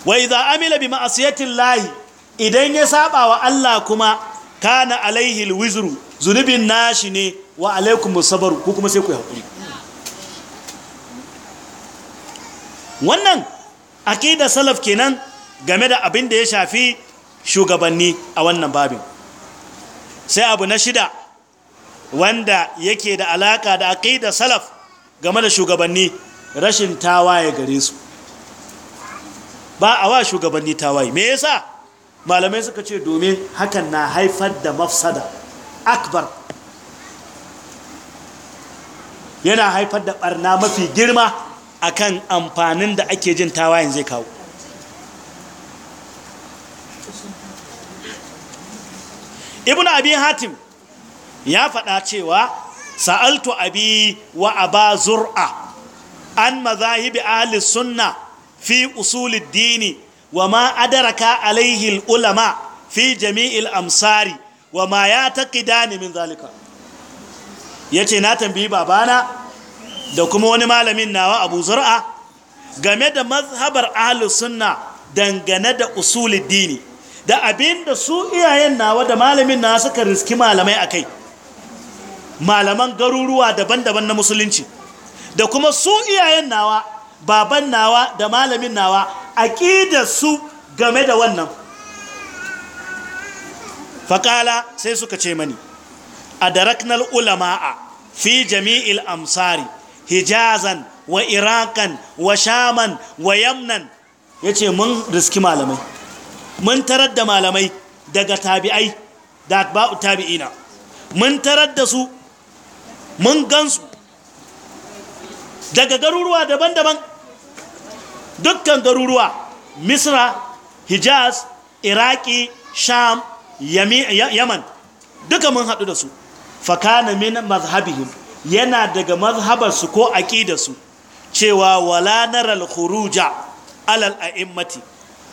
wai idza amila bi ma'asiyatillahi idan ya saba wa Allah kuma kana alaihi alwizru zunubin nashi ne wa alaikun musabar ko kuma sai ku haƙuri wannan da salaf kenan game da abin da ya shafi shugabanni a wannan babin sai abu na shida wanda yake da alaka da da salaf game da shugabanni rashin tawaye gare su ba a wa shugabanni tawaye me yasa malamai suka ce domin hakan na haifar da mafsada akbar yana haifar da barna mafi girma akan amfanin da ake jin tawa zai kawo ibn abi hatim ya faɗa cewa sa'altu abi wa aba zur'a an mazahibi ahli sunna fi usulid dini wa ma adaraka alaihi ulama fi jami'il amsari wa ma ya taqidani min zalika yace na tambayi babana da kuma wani malamin nawa Abu Zur'a game da mazhabar ahlus sunna dangane da usulid dini da abinda su iyayen nawa da malamin na suka riski malamai akai malaman garuruwa daban-daban na musulunci da kuma su iyayen nawa baban nawa da malamin nawa aqidar su game da wannan faƙala sai suka ce mani a daraknal ulama'a fi jami'il amsari hijazan wa irakan wa shaman wa yamnan ya ce mun riski malamai mun tarar da malamai daga tabi'ai da ba'u tabi'ina mun tarar da su mun gansu daga garuruwa daban-daban dukkan garuruwa misra hijaz iraki sham yaman duka mun haɗu da su fakana min mazhabihim yana daga mazhabarsu ko su cewa wala naral khuruja alal a'immati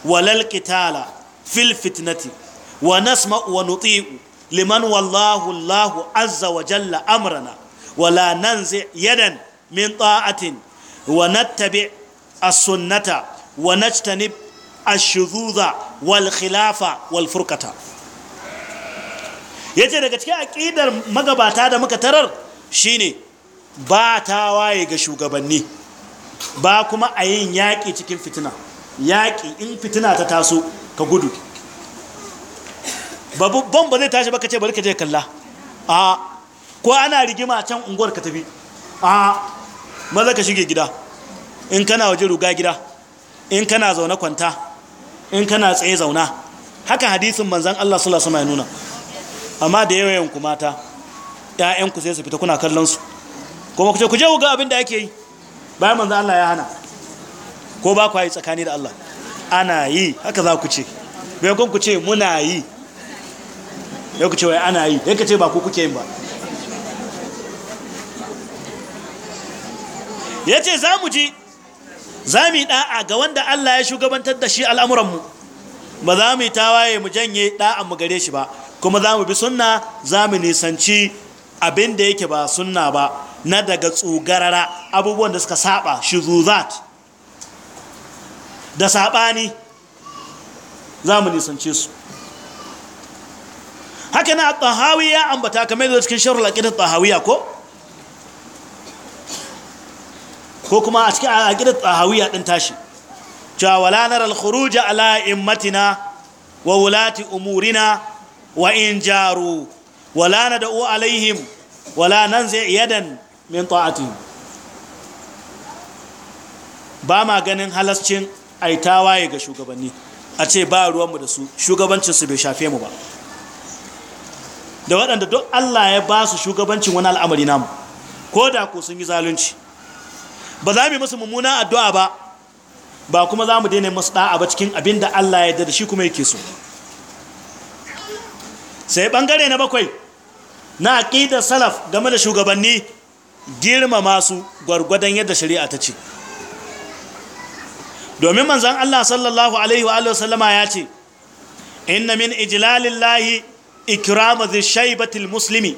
walal qitala fil fitnati wa nasma'u wa nuti'u liman wallahu Allahu azza wa jalla amrana wala nanzi yadan min ta'atin wa nattabi as-sunnata wa najtanib ash-shudhuza wal khilafa wal furqata ya ce daga cikin aƙidar magabata da muka tarar shi ne ba ta waye ga shugabanni ba kuma a yin yaƙi cikin fitina yaƙi in fitina ta taso ka gudu babban ba zai tashi ba ce bari ka je kalla a ko ana rigima can unguwar ka tafi a maza ka shige gida in kana waje ruga gida in kana zaune kwanta in kana tsaye zauna haka hadisin manzan Allah sallallahu alaihi wasallam ya nuna amma da yawayenku mata ƴaƴan ku sai su fita kuna kallon su kuma ku ce ku je ku ga abin da ake yi bayan manzan Allah ya hana ko ba ku yi tsakani da Allah ana yi haka za ku ce bai kun ku ce muna yi ya ku ce wai ana yi ka ce ba ku kuke yin ba ya ce za mu ji za mu yi ɗa'a ga wanda Allah ya shugabantar da shi al'amuranmu ba za mu yi tawaye mu janye ɗa'an mu gare shi ba kuma za mu bi sunna za mu nisanci abin da yake ba sunna ba na daga tsogarara abubuwan da suka saba shuzuzat da ni za mu nisanci su haka na ya ambata kamar da cikin sharar aƙidar tahawiyya ko? ko kuma a cikin aƙidar tahawiyya ɗin tashi cewa walanar alkhuruja ala matina wa wulati umurina wa in jaru wala nad'u alaihim wala nanzi yadan min ta'atihim ba ma ganin halascin ai tawaye ga shugabanni a ce ba ruwanmu da su shugabancinsu bai shafe mu ba da waɗanda duk Allah ya ba su shugabancin wani al'amari namu ko da ku sun yi zalunci ba za mu yi musu mummuna addu'a ba ba kuma za mu daina musu ɗa'a ba cikin abin da Allah ya da shi kuma yake so sai bangare na bakwai na aqidar salaf game da shugabanni girmama su gwargwadon yadda shari'a ta ce domin manzon Allah sallallahu alaihi wa sallama ya ce inna min ijlalillahi ikramu dhi shaybatil muslimi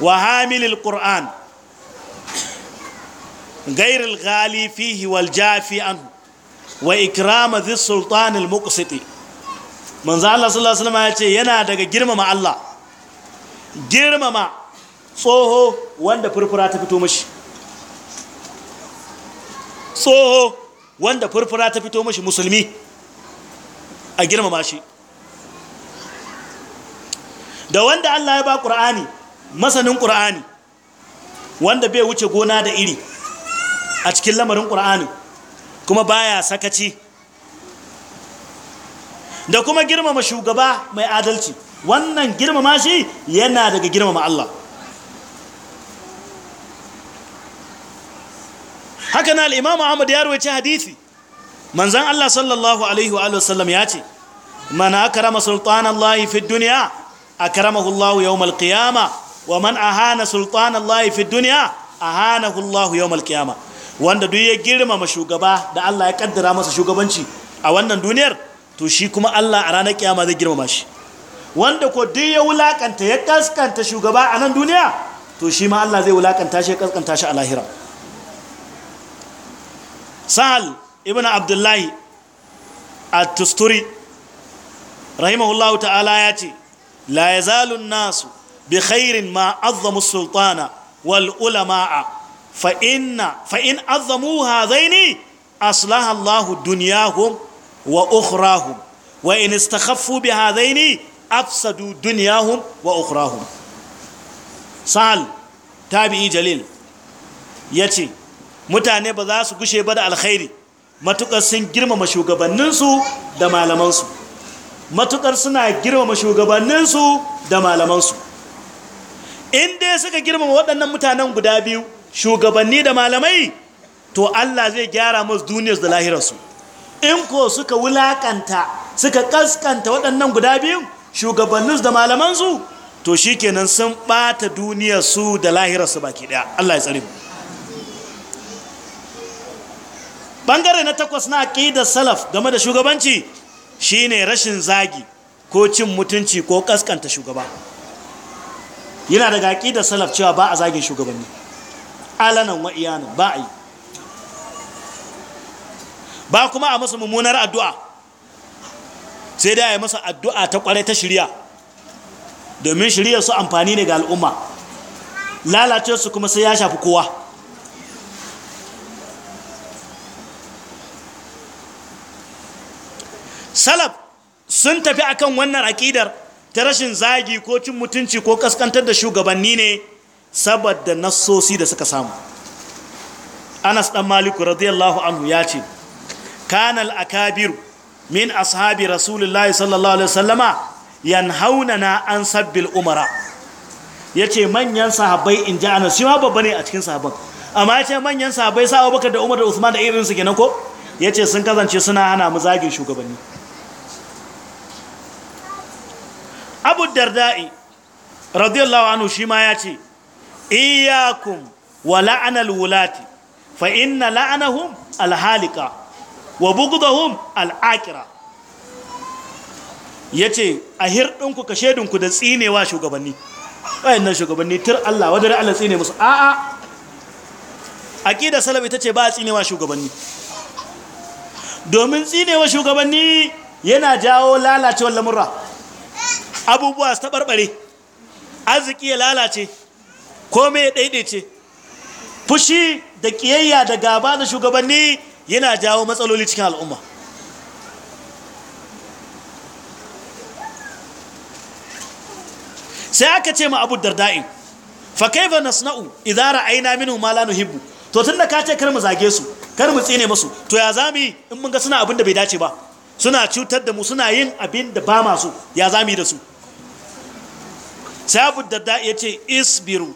wa hamilil qur'an غير الغالي فيه والجافي wa وإكرام ذي السلطان المقسطي manzo Allah sallallahu alaihi wasallam ya ce yana daga girmama Allah girmama tsoho wanda furfura ta fito mashi tsoho wanda furfura ta fito mashi musulmi a girmama shi da wanda Allah ya ba ƙur'ani masanin ƙur'ani wanda bai wuce gona da iri a cikin lamarin ƙur'ani kuma baya sakaci da kuma girmama shugaba mai adalci wannan girmama shi yana daga girmama Allah haka na al'imamu ahmad ya ruwace hadithi manzan Allah sallallahu alaihi wa sallam ya ce mana akarama sultanallahi fi duniya a karama yawm al-qiyama wa man ahana sultanallahi fi duniya a hana yawm al-qiyama wanda duk ya girmama shugaba da Allah ya kaddara masa shugabanci a wannan duniyar to shi kuma Allah a ranar kiyama zai girmama shi wanda ko duk ya wulakanta ya kaskanta shugaba a nan duniya to shi ma Allah zai wulakanta shi ya kaskanta shi a lahira sahal ibn abdullahi at tusturi rahimahullahu ta'ala ya ce la yazalun nasu bi khairin ma azzamu sultana wal ulama'a fa in azzamu hazaini aslaha Allahu dunyahum wa ukhrahum wa in istakhaffu bi hadaini afsadu dunyahum wa ukhrahum sal tabi'i jalil yace mutane ba za su gushe ba da alkhairi matukar sun girmama shugabanninsu da malamansu matukar suna girmama shugabanninsu da malamansu in dai suka girmama waɗannan mutanen guda biyu shugabanni da malamai to Allah zai gyara musu duniyar da lahirar su. in ko suka wulakanta suka kaskanta waɗannan guda biyun shugabannin da malamansu to shi kenan sun ɓata duniyarsu da lahirarsu baki ɗaya Allah ya tsari mu ɓangare na takwas na aƙidar salaf game da shugabanci shine rashin zagi ko cin mutunci ko kaskanta shugaba yana daga aƙidar salaf cewa ba a zagin shugabanni alanan wa iyanan ba a yi ba kuma a masa mummunar addu'a sai dai a yi masa addu'a ta kwarai ta shirya domin shirya su amfani ne ga al'umma lalace su kuma sai ya shafi kowa salaf sun tafi akan wannan aƙidar ta rashin zagi ko cin mutunci ko kaskantar da shugabanni ne saboda nasosi da suka samu anas dan maliku radiyallahu anhu ya ce Kanal a Kabiru min ashabi rasulullahi sallallahu alaihi wasallama yanhaunana an sabbin umara yace manyan sahabbai in ji ana babba ne a cikin sahabban amma yace manyan sahabbai sa Abubakar da Umar da Usman da irin su kenan ko yace sun kazance suna hana mu zagin shugabanni Abu Darda'i radiyallahu anhu shima yace iyyakum wa la'anal wulati fa inna la'anahum alhalika wa bugudahum al Ya ce a hirɗinku ka shedinku da tsinewa shugabanni nan shugabanni tir Allah wadar Allah tsine musu a'a ƙida salabi ita ce ba tsinewa shugabanni domin tsinewa shugabanni yana jawo lalacewar lamurra abubuwa su taɓarɓare arziki ya lalace kome ya ce fushi da ƙiyayya da gaba da shugabanni yana jawo matsaloli cikin al'umma sai aka ce ma abu darda'in fa kaifa nasna'u idza ra'ayna minhu ma la nuhibbu to tunda ka ce kar mu zage su kar mu tsine musu to ya zamu yi in mun ga suna abin da bai dace ba suna cutar da mu suna yin abin da ba ma so ya zamu yi da su sai abu darda yace isbiru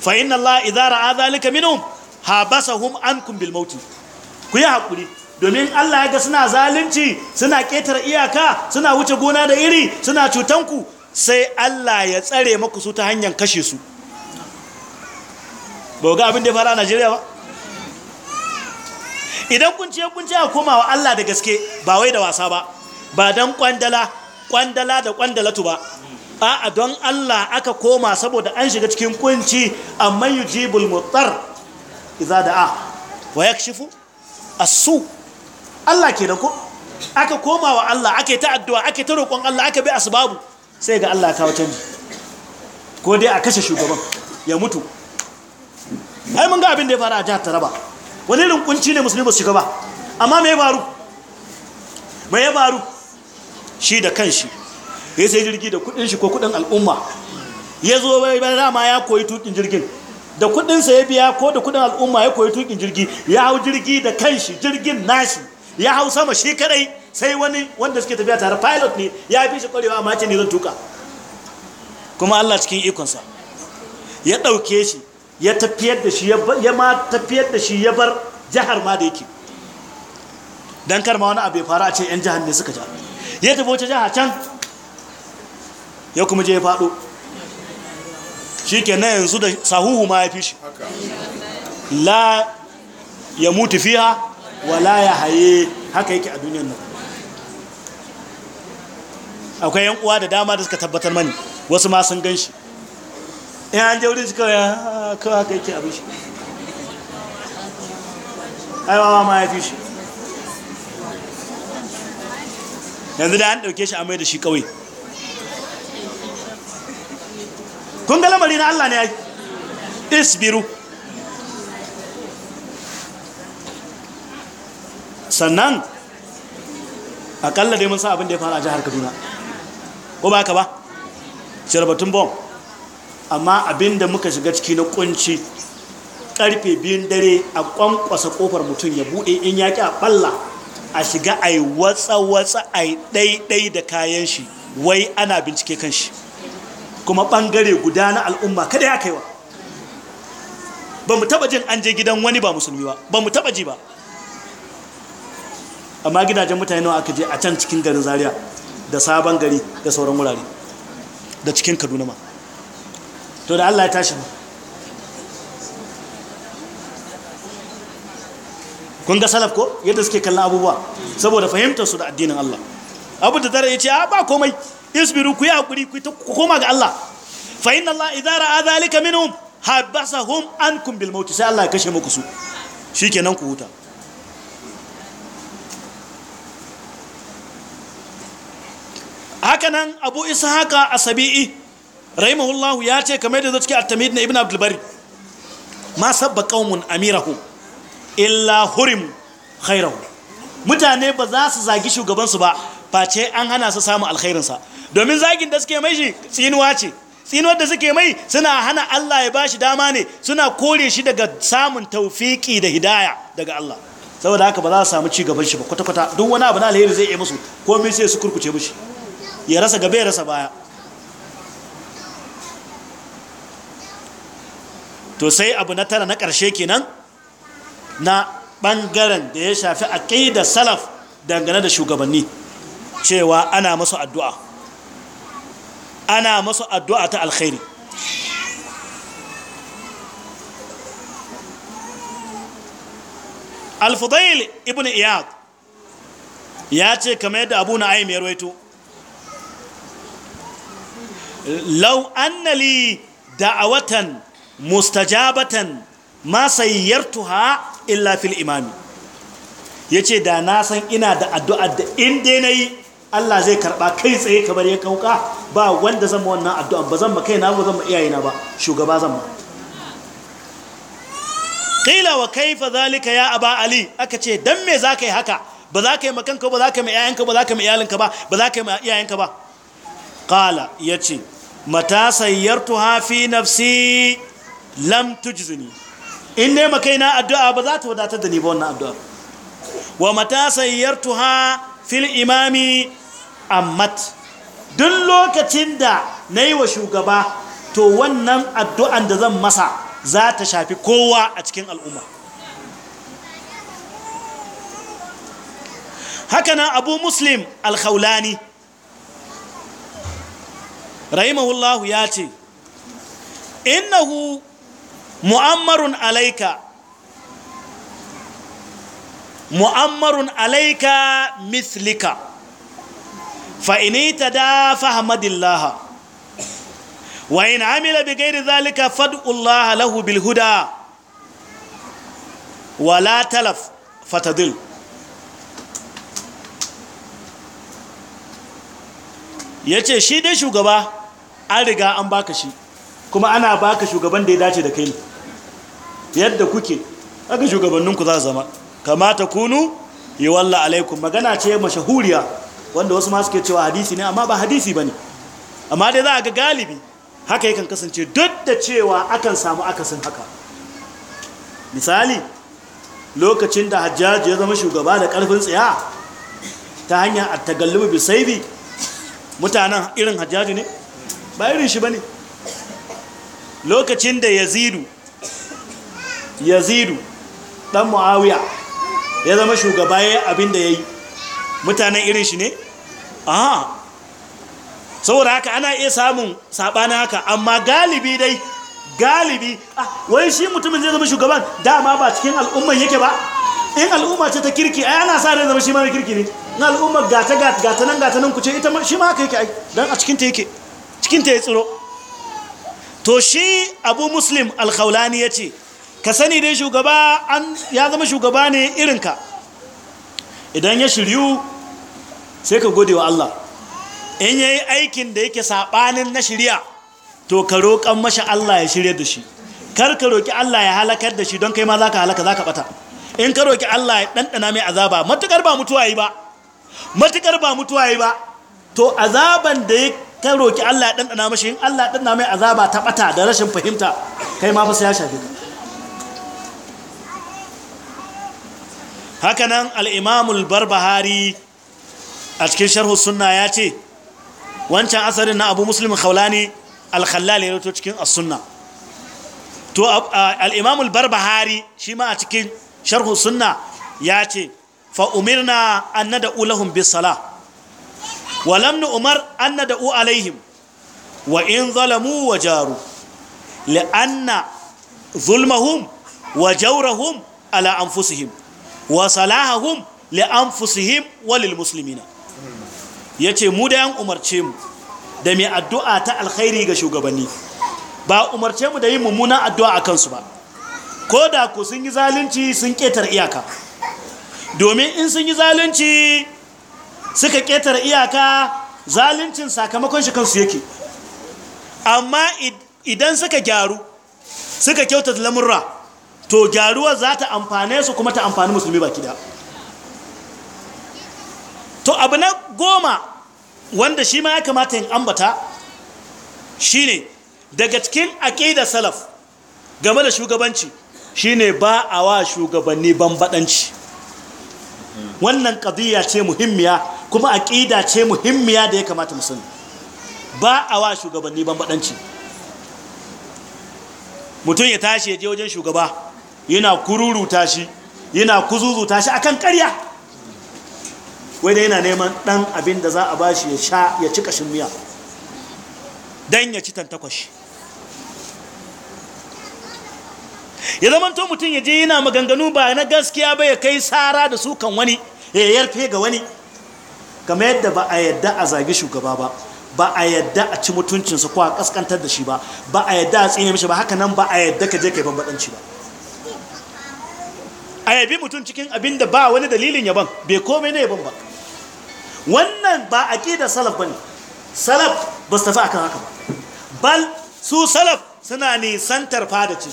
fa inna allaha idza ra'a dhalika minhum habasahum ankum bil mauti ku yi haƙuri domin Allah ya ga suna zalunci suna ƙetare iyaka suna wuce gona da iri suna cutanku sai Allah ya tsare maku su ta hanyar kashe su ba ga abin da ya fara a Najeriya ba idan kunce kunce a komawa Allah da gaske ba wai da wasa ba ba don kwandala kwandala da kwandalatu ba a'a don Allah aka koma saboda an shiga cikin kunci amma yujibul mutar idza da'a wa yakshifu asu Allah ke da ko aka koma wa Allah ake ta addu'a ake ta roƙon Allah aka bi asbabu sai ga Allah kawo canji ko dai a kashe shugaban ya mutu ai mun ga abin da ya fara a jihar Taraba wani irin kunci ne musulmi su ba amma me ya faru me ya faru shi da kanshi ya sai jirgi da kudin shi ko kudin al'umma ya zo bai dama ya koyi tukin jirgin da kudinsa ya biya ko da kudin al'umma ya koyi tukin jirgi ya hau jirgi da kanshi jirgin nashi ya hau sama shi kadai sai wani wanda suke tafiya tare pilot ne ya fi shi kwarewa amma ce ne zan tuka kuma Allah cikin ikonsa ya ɗauke shi ya tafiyar da shi ya ma tafiyar da shi ya bar jihar ma da yake don ma wani abu ya faru a ce 'yan jihar ne suka ja ya tafi wace jihar can ya kuma je ya faɗo shi ke na yanzu da sahuhu ma ya fi shi la ya mutu fiya wa la ya haye haka yake a duniyan nan akwai yan uwa da dama da suka tabbatar mani wasu ma sun gan shi in an jauri suka ya ah, kawai haka yake abin shi aiwawa ma ya fi shi yanzu da an ɗauke shi a mai da shi kawai kun ga lamari na Allah ne ya isbiru sannan akalla dai mun sa abin da ya fara jihar Kaduna ko ba ka ba shirbatun bom amma abin da muka shiga ciki na kunci karfe biyun dare a kwankwasa kofar mutum ya bude in yaki a balla a shiga a yi watsa-watsa a yi ɗaiɗai da kayan shi wai ana bincike kan shi kuma bangare guda na al'umma kada ya kaiwa ba mu taba jin an je gidan wani ba musulmi ba ba mu taba ji ba amma gidajen mutane nawa aka je a can cikin garin zaria da sabon gari da sauran wurare da cikin kaduna ma to da allah ya tashi kun ga salaf ko yadda suke kallon abubuwa saboda fahimtar su da addinin allah abu da tare ya ce a ba komai isbiru ku yi hakuri ku ta koma ga Allah fa inna Allah idza ra'a zalika minhum habasahum ankum bil maut sai Allah ya kashe muku su shikenan ku huta hakanan abu ishaqa asabi'i rahimahullahu ya ce kamar da zuci at-tamhid na ibn abdul bari ma sabba qaumun amirahu illa hurim khairahu mutane ba za su zagi shugabansu ba face an hana su samun alkhairinsa domin zagin da suke mai shi tsinuwa ce tsinuwar da suke mai suna hana Allah ya bashi dama ne suna kore shi daga samun taufiki da hidaya daga Allah saboda haka ba za su samu cigaban shi ba kwata-kwata duk wani abu na alheri zai yi musu komai sai su kurkuce mushi ya rasa gaba ya rasa baya to sai abu na tara na ƙarshe kenan na bangaren da ya shafi aƙidar salaf dangane da shugabanni cewa ana masu addu'a ana masu addu'a ta alkhairi alfudail ibn iyad ya ce kamar yadda abu na aimiyar waito lau annali da'awatan mustajabatan ma sayyartuha illa fil imami yace da na san ina da addu'ar da in dai nayi Allah zai karɓa kai tsaye kamar ya kauka ba wanda zan wannan addu'an ba zan ma na ba zan ma iyayena ba shugaba zan ma qila wa kaifa zalika ya aba ali aka ce dan me zaka yi haka ba za ka yi makanka ba za ka yi iyayenka ba za ka yi iyalinka ba ba za ka yi iyayenka ba qala yace mata sayyartuha fi nafsi lam tujzini in ne makaina addu'a ba za ta wadatar da ni ba wannan addu'a wa mata sayyartuha fil imami ammat duk lokacin da na yi wa shugaba to wannan addu'an da zan masa za ta shafi kowa a cikin al'umma hakanan abu muslim alkhaulani rahimahullahu ya ce innahu mu'ammarun alaika mu'ammarun alaika mislika fa'inita da fahimadillaha wa in amila bi gairi zalika fad'ullaha lahu bilhuda wa la talaf fatadil ya ce shi dai shugaba an riga an baka shi kuma ana baka shugaban da ya dace da kai yadda kuke haka shugabanninku za zama kama ta kunu yi walla alaikum magana ce mashahuriya wanda wasu ma ke cewa hadisi ne amma ba hadisi ba ne amma dai za a ga galibi haka yakan kasance duk da cewa akan samu akasin haka misali lokacin da hajjaji ya zama shugaba da karfin tsaya ta hanyar attagallubu bisaibi mutanen irin hajjaji ne ba irin shi ba ne lokacin da yazidu yazidu ɗan mu'awiya ya zama shugaba ya abin da ya yi mutanen irin shi ne aha saboda haka ana iya samun sabanin haka amma galibi dai galibi ah, wai shi mutumin zai zama shugaban dama ba cikin al'umman yake ba in al'umma ce ta kirki ai ana sa rai zama shi ma kirki ne in al'umma gata gata nan gata nan kuce ita shi ma haka yake ai don a cikin ta yake cikin ya tsiro to shi abu muslim alkhaulani ya ce. ka sani dai shugaba ya zama shugaba ne irinka idan ya shiryu sai ka gode wa Allah in ya yi aikin da yake saɓanin na shirya to ka roƙan mashi Allah ya shirya da shi kar ka roƙi Allah ya halakar da shi don kai ma za ka halaka za ka ɓata in ka roƙi Allah ya ɗanɗana mai azaba matuƙar ba mutuwa yi ba matuƙar ba mutuwa yi ba to azaban da ya ka roƙi Allah ya ɗanɗana mashi in Allah ya ɗanɗana mai azaba ta ɓata da rashin fahimta kai ma fa sai ya shafi ka hakanan al'imamul barbahari a cikin sharhu sunna ya ce wancan asarin na abu muslim khawlani al ya cikin as to al-imamul barbahari shi ma a cikin sharhu sunna ya ce fa umirna an nada'u lahum bis sala wa lam nu'mar an nada'u alaihim wa in zalamu wa jaru li'anna zulmahum wa jawrahum ala anfusihim wa salahahum li anfusihim walil muslimina yace mu da yan umarce mu da mai addu'a ta alkhairi ga shugabanni ba umarce mu da yin mummunan addu'a a kansu ba ko da ku sun yi zalunci sun ketar iyaka domin in sun yi zalunci suka ketar iyaka zaluncin sakamakon shi kansu yake amma idan suka gyaru suka kyautata lamurra to gyaruwar za ta amfane su kuma ta amfani musulmi baki da to abu na goma wanda shi ma ya kamata yin ambata shi ne daga cikin aƙida salaf game da shugabanci shi ne ba a wa shugabanni bambaɗanci wannan ƙadiyya ce muhimmiya kuma aƙida ce muhimmiya da ya kamata musulmi ba a wa shugabanni bambaɗanci mutum ya tashi ya je wajen shugaba yana kururuta shi yana kuzuzuta shi akan ƙarya wai da yana neman ɗan abin da za a ba shi ya sha ya ci ƙashin miya don ya ci tantakwashi ya zama to mutum ya je yana maganganu ba na gaskiya ba ya kai tsara da sukan wani ya yarfe ga wani kama yadda ba a yadda a zagi shugaba ba ba a yadda a ci mutuncinsa ko a kaskantar da shi ba ba a yadda a tsine mishi ba haka nan ba a yadda ka je kai bambadanci ba a yabi mutum cikin abin da ba wani dalilin yaban bai komai na yaban ba wannan ba a da salaf ba ne salaf ba su tafi akan haka ba bal su salaf suna nisantar ce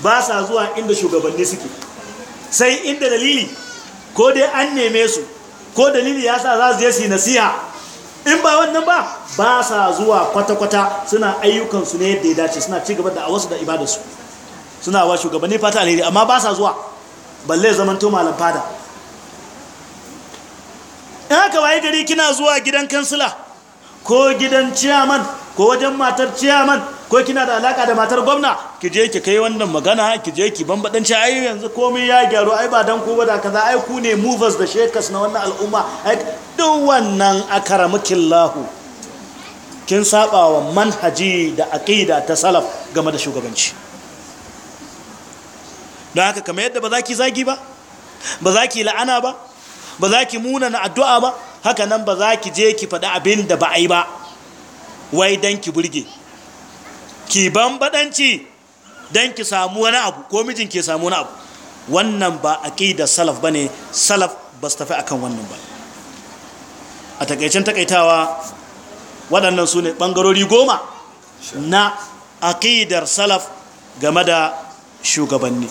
ba sa zuwa inda shugabanni suke sai inda dalili ko dai an neme su ko dalili ya sa za su nasiha in ba wannan ba ba sa zuwa kwata-kwata suna ayyukansu ne yadda ya dace suna ci gaba da a wasu da ibadarsu suna wa shugabanni fata alheri amma ba sa zuwa balle to malam fada in haka waye gari kina zuwa gidan kansila ko gidan ciyaman ko wajen matar ciyaman ko kina da alaka da matar gwamna ki je ki kai wannan magana ki je ki bambadanci ai yanzu komai ya gyaru ai ba dan ba da kaza ai ku ne movers da shekas na wannan al'umma ai duk wannan akaramukillahu kin sabawa manhaji da aqida ta salaf game da shugabanci don haka kamar yadda ba za ki zagi ba ba za ki la'ana ba ba za ki muna na addu'a ba haka nan ba za ki je ki faɗi abin da ba a yi ba wai don ki burge ki baɗanci don ki samu wani abu ko mijin ke samu wani abu wannan ba a ƙi da salaf ba ne salaf ba su tafi a kan wannan ba a takaicen takaitawa waɗannan su ne ɓangarori goma na aƙidar salaf game da shugabanni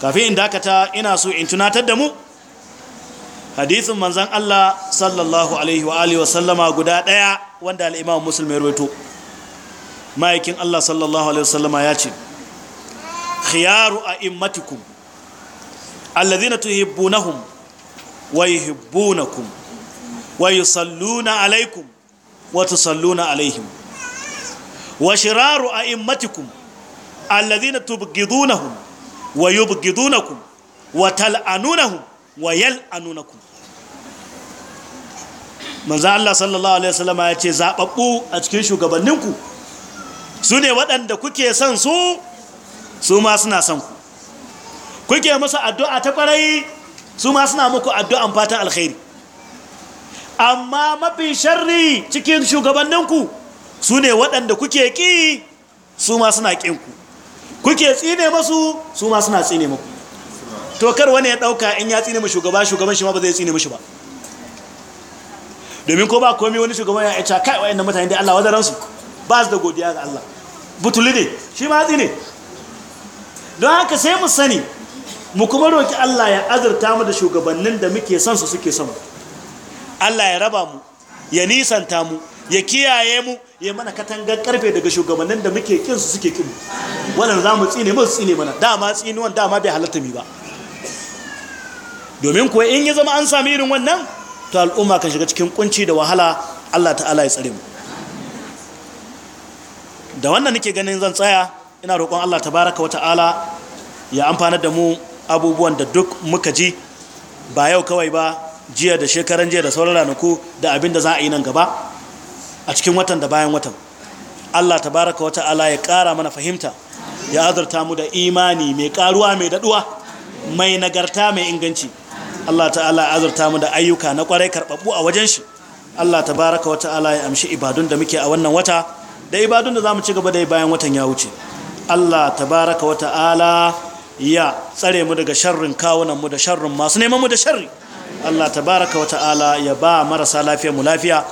kafin in dakata ina so in tunatar da mu Hadithin manzan Allah sallallahu alaihi wa alihi wasallama guda daya wanda al-Imam Muslim ya rawaito ma'aikin Allah sallallahu alaihi wa sallama ya ce khiyaru a'immatikum alladhina tuhibbunahum wa yuhibbunakum wa yusalluna alaikum wa tusalluna alaihim wa shiraru a'immatikum alladhina tubghidunahum wa yubgidunakum wa tal'anunahum wa yal'anunakum manzo Allah sallallahu alaihi wasallam ya ce zababbu a cikin shugabanninku su waɗanda kuke son su su ma suna son ku kuke musu addu'a ta kwarai su ma suna muku addu'an fatan alkhairi amma mafi sharri cikin shugabanninku su waɗanda kuke ki su ma suna ƙinku kuke tsine masu su ma suna tsine muku to kar wani ya dauka in ya tsine mu shugaba shugaban shi ma ba zai tsine mushi ba domin ko ba komai wani shugaban ya aicha kai wayannan mutane da Allah wadaran su ba su da godiya ga Allah butuli ne shi ma tsine don haka sai mu sani mu kuma roki Allah ya azurta mu da shugabannin da muke son su suke son Allah ya raba mu ya nisanta mu ya kiyaye mu ya mana katangar karfe daga shugabannin da muke kinsu su suke kinu wannan za mu tsine mu tsine mana dama tsinuwan dama bai halatta mi ba domin kuwa in ya zama an sami irin wannan to al'umma kan shiga cikin kunci da wahala Allah ta'ala ya tsare mu da wannan nake ganin zan tsaya ina roƙon Allah tabaraka wata'ala ya amfana da mu abubuwan da duk muka ji ba yau kawai ba jiya da shekaran jiya da sauran ranaku da abin da za a yi nan gaba a cikin watan da bayan watan Allah tabaraka wa ta'ala ya ƙara mana fahimta ya azurta mu da imani mai ƙaruwa mai daɗuwa mai nagarta mai inganci Allah ya azurta mu da ayyuka na ƙwarai karɓaɓɓu a wajen shi Allah tabaraka wa ta'ala ya amshi ibadun da muke a wannan wata da ibadun da za mu ci gaba da bayan watan ya wuce Allah tabaraka wa ta'ala ya tsare mu daga sharrin kawunan mu da sharrin masu neman mu da sharri Allah tabaraka wa ta'ala ya ba marasa lafiya mu lafiya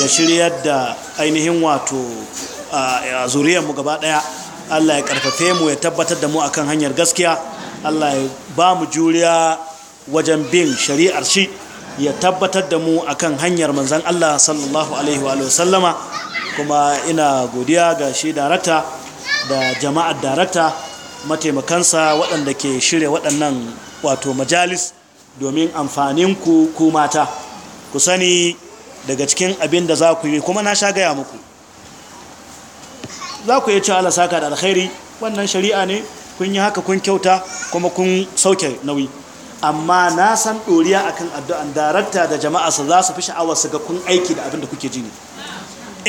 ya shirya da ainihin wato a zuriyarmu gaba daya Allah ya karfafe mu ya tabbatar da mu akan hanyar gaskiya Allah ya ba mu juriya wajen bin shari'ar shi ya tabbatar da mu akan hanyar manzan Allah sallallahu alaihi wa sallama kuma ina godiya ga shi darakta da jama'ar darakta mataimakansa waɗanda ke shirya waɗannan wato majalis domin amfanin ku ku mata ku sani daga cikin abin da za ku yi kuma na sha gaya muku za ku yi cewa ala saka da alkhairi wannan shari'a ne kun yi haka kun kyauta kuma kun sauke nauyi amma na san ɗoriya akan addu'an darakta da jama'a su za su fi sha'awar su ga kun aiki da abin da kuke ji ne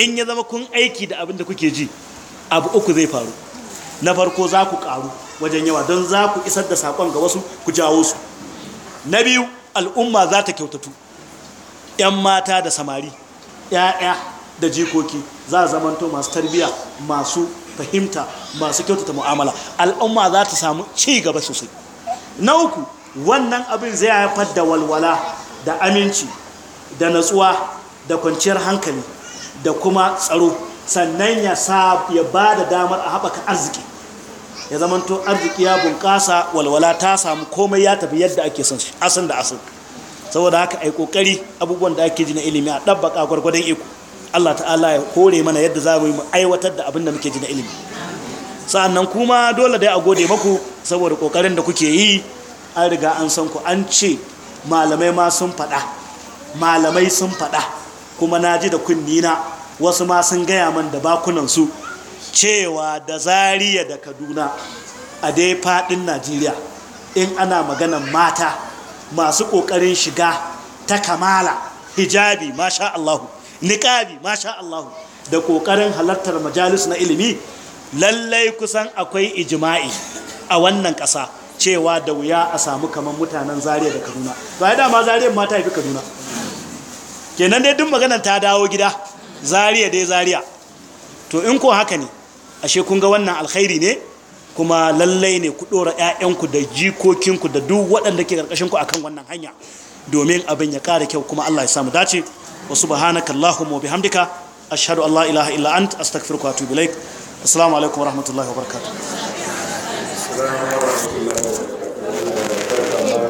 in ya zama kun aiki da abin da kuke ji abu uku zai faru na farko za ku ƙaru wajen yawa don za ku isar da saƙon ga wasu ku jawo su na biyu al'umma za ta kyautatu 'yan mata da samari 'ya'ya da jikoki za a zamanto masu tarbiya masu fahimta masu kyautata mu'amala al'umma za ta samu ci gaba sosai na uku wannan abin zai haifar da walwala da aminci da natsuwa da kwanciyar hankali da kuma tsaro sannan ya ba da damar a haɓaka arziki ya zamanto arziki ya bunƙasa walwala ta samu komai ya tafi yadda ake son asin da asin saboda haka ai kokari abubuwan da ake ji na ilimi a dabbaka gwargwadon iko Allah ta'ala ya kore mana yadda za mu aiwatar da abin da muke ji na ilimi sa'annan kuma dole dai a gode maku saboda kokarin da kuke yi an riga an san ku an ce malamai ma sun faɗa malamai sun faɗa kuma naji ji da na. wasu ma sun gaya man da bakunan su. cewa da zariya da kaduna a dai faɗin najeriya in ana maganan mata masu ƙoƙarin shiga ta kamala hijabi masha Allahu niƙabi masha Allahu da ƙoƙarin halartar majalis na ilimi lallai kusan akwai ijima'i a wannan ƙasa cewa da wuya a samu kamar mutanen zariya da kaduna ba ya dama zariyar ma ta haifi kaduna kenan dai duk maganar ta dawo gida zariya dai zariya to in ko haka ne ashe kun ga wannan alkhairi ne kuma lallai ne ku ɗora 'ya'yanku da jikokinku da duk waɗanda ke ƙarƙashinku akan wannan hanya domin abin ya ƙara kyau kuma Allah ya samu dace wa subhanaka allahumma bihamdika ashhadu an la ilaha illa ant astaghfiruka wa atubu ilaik assalamu alaikum wa rahmatullahi wa barkatu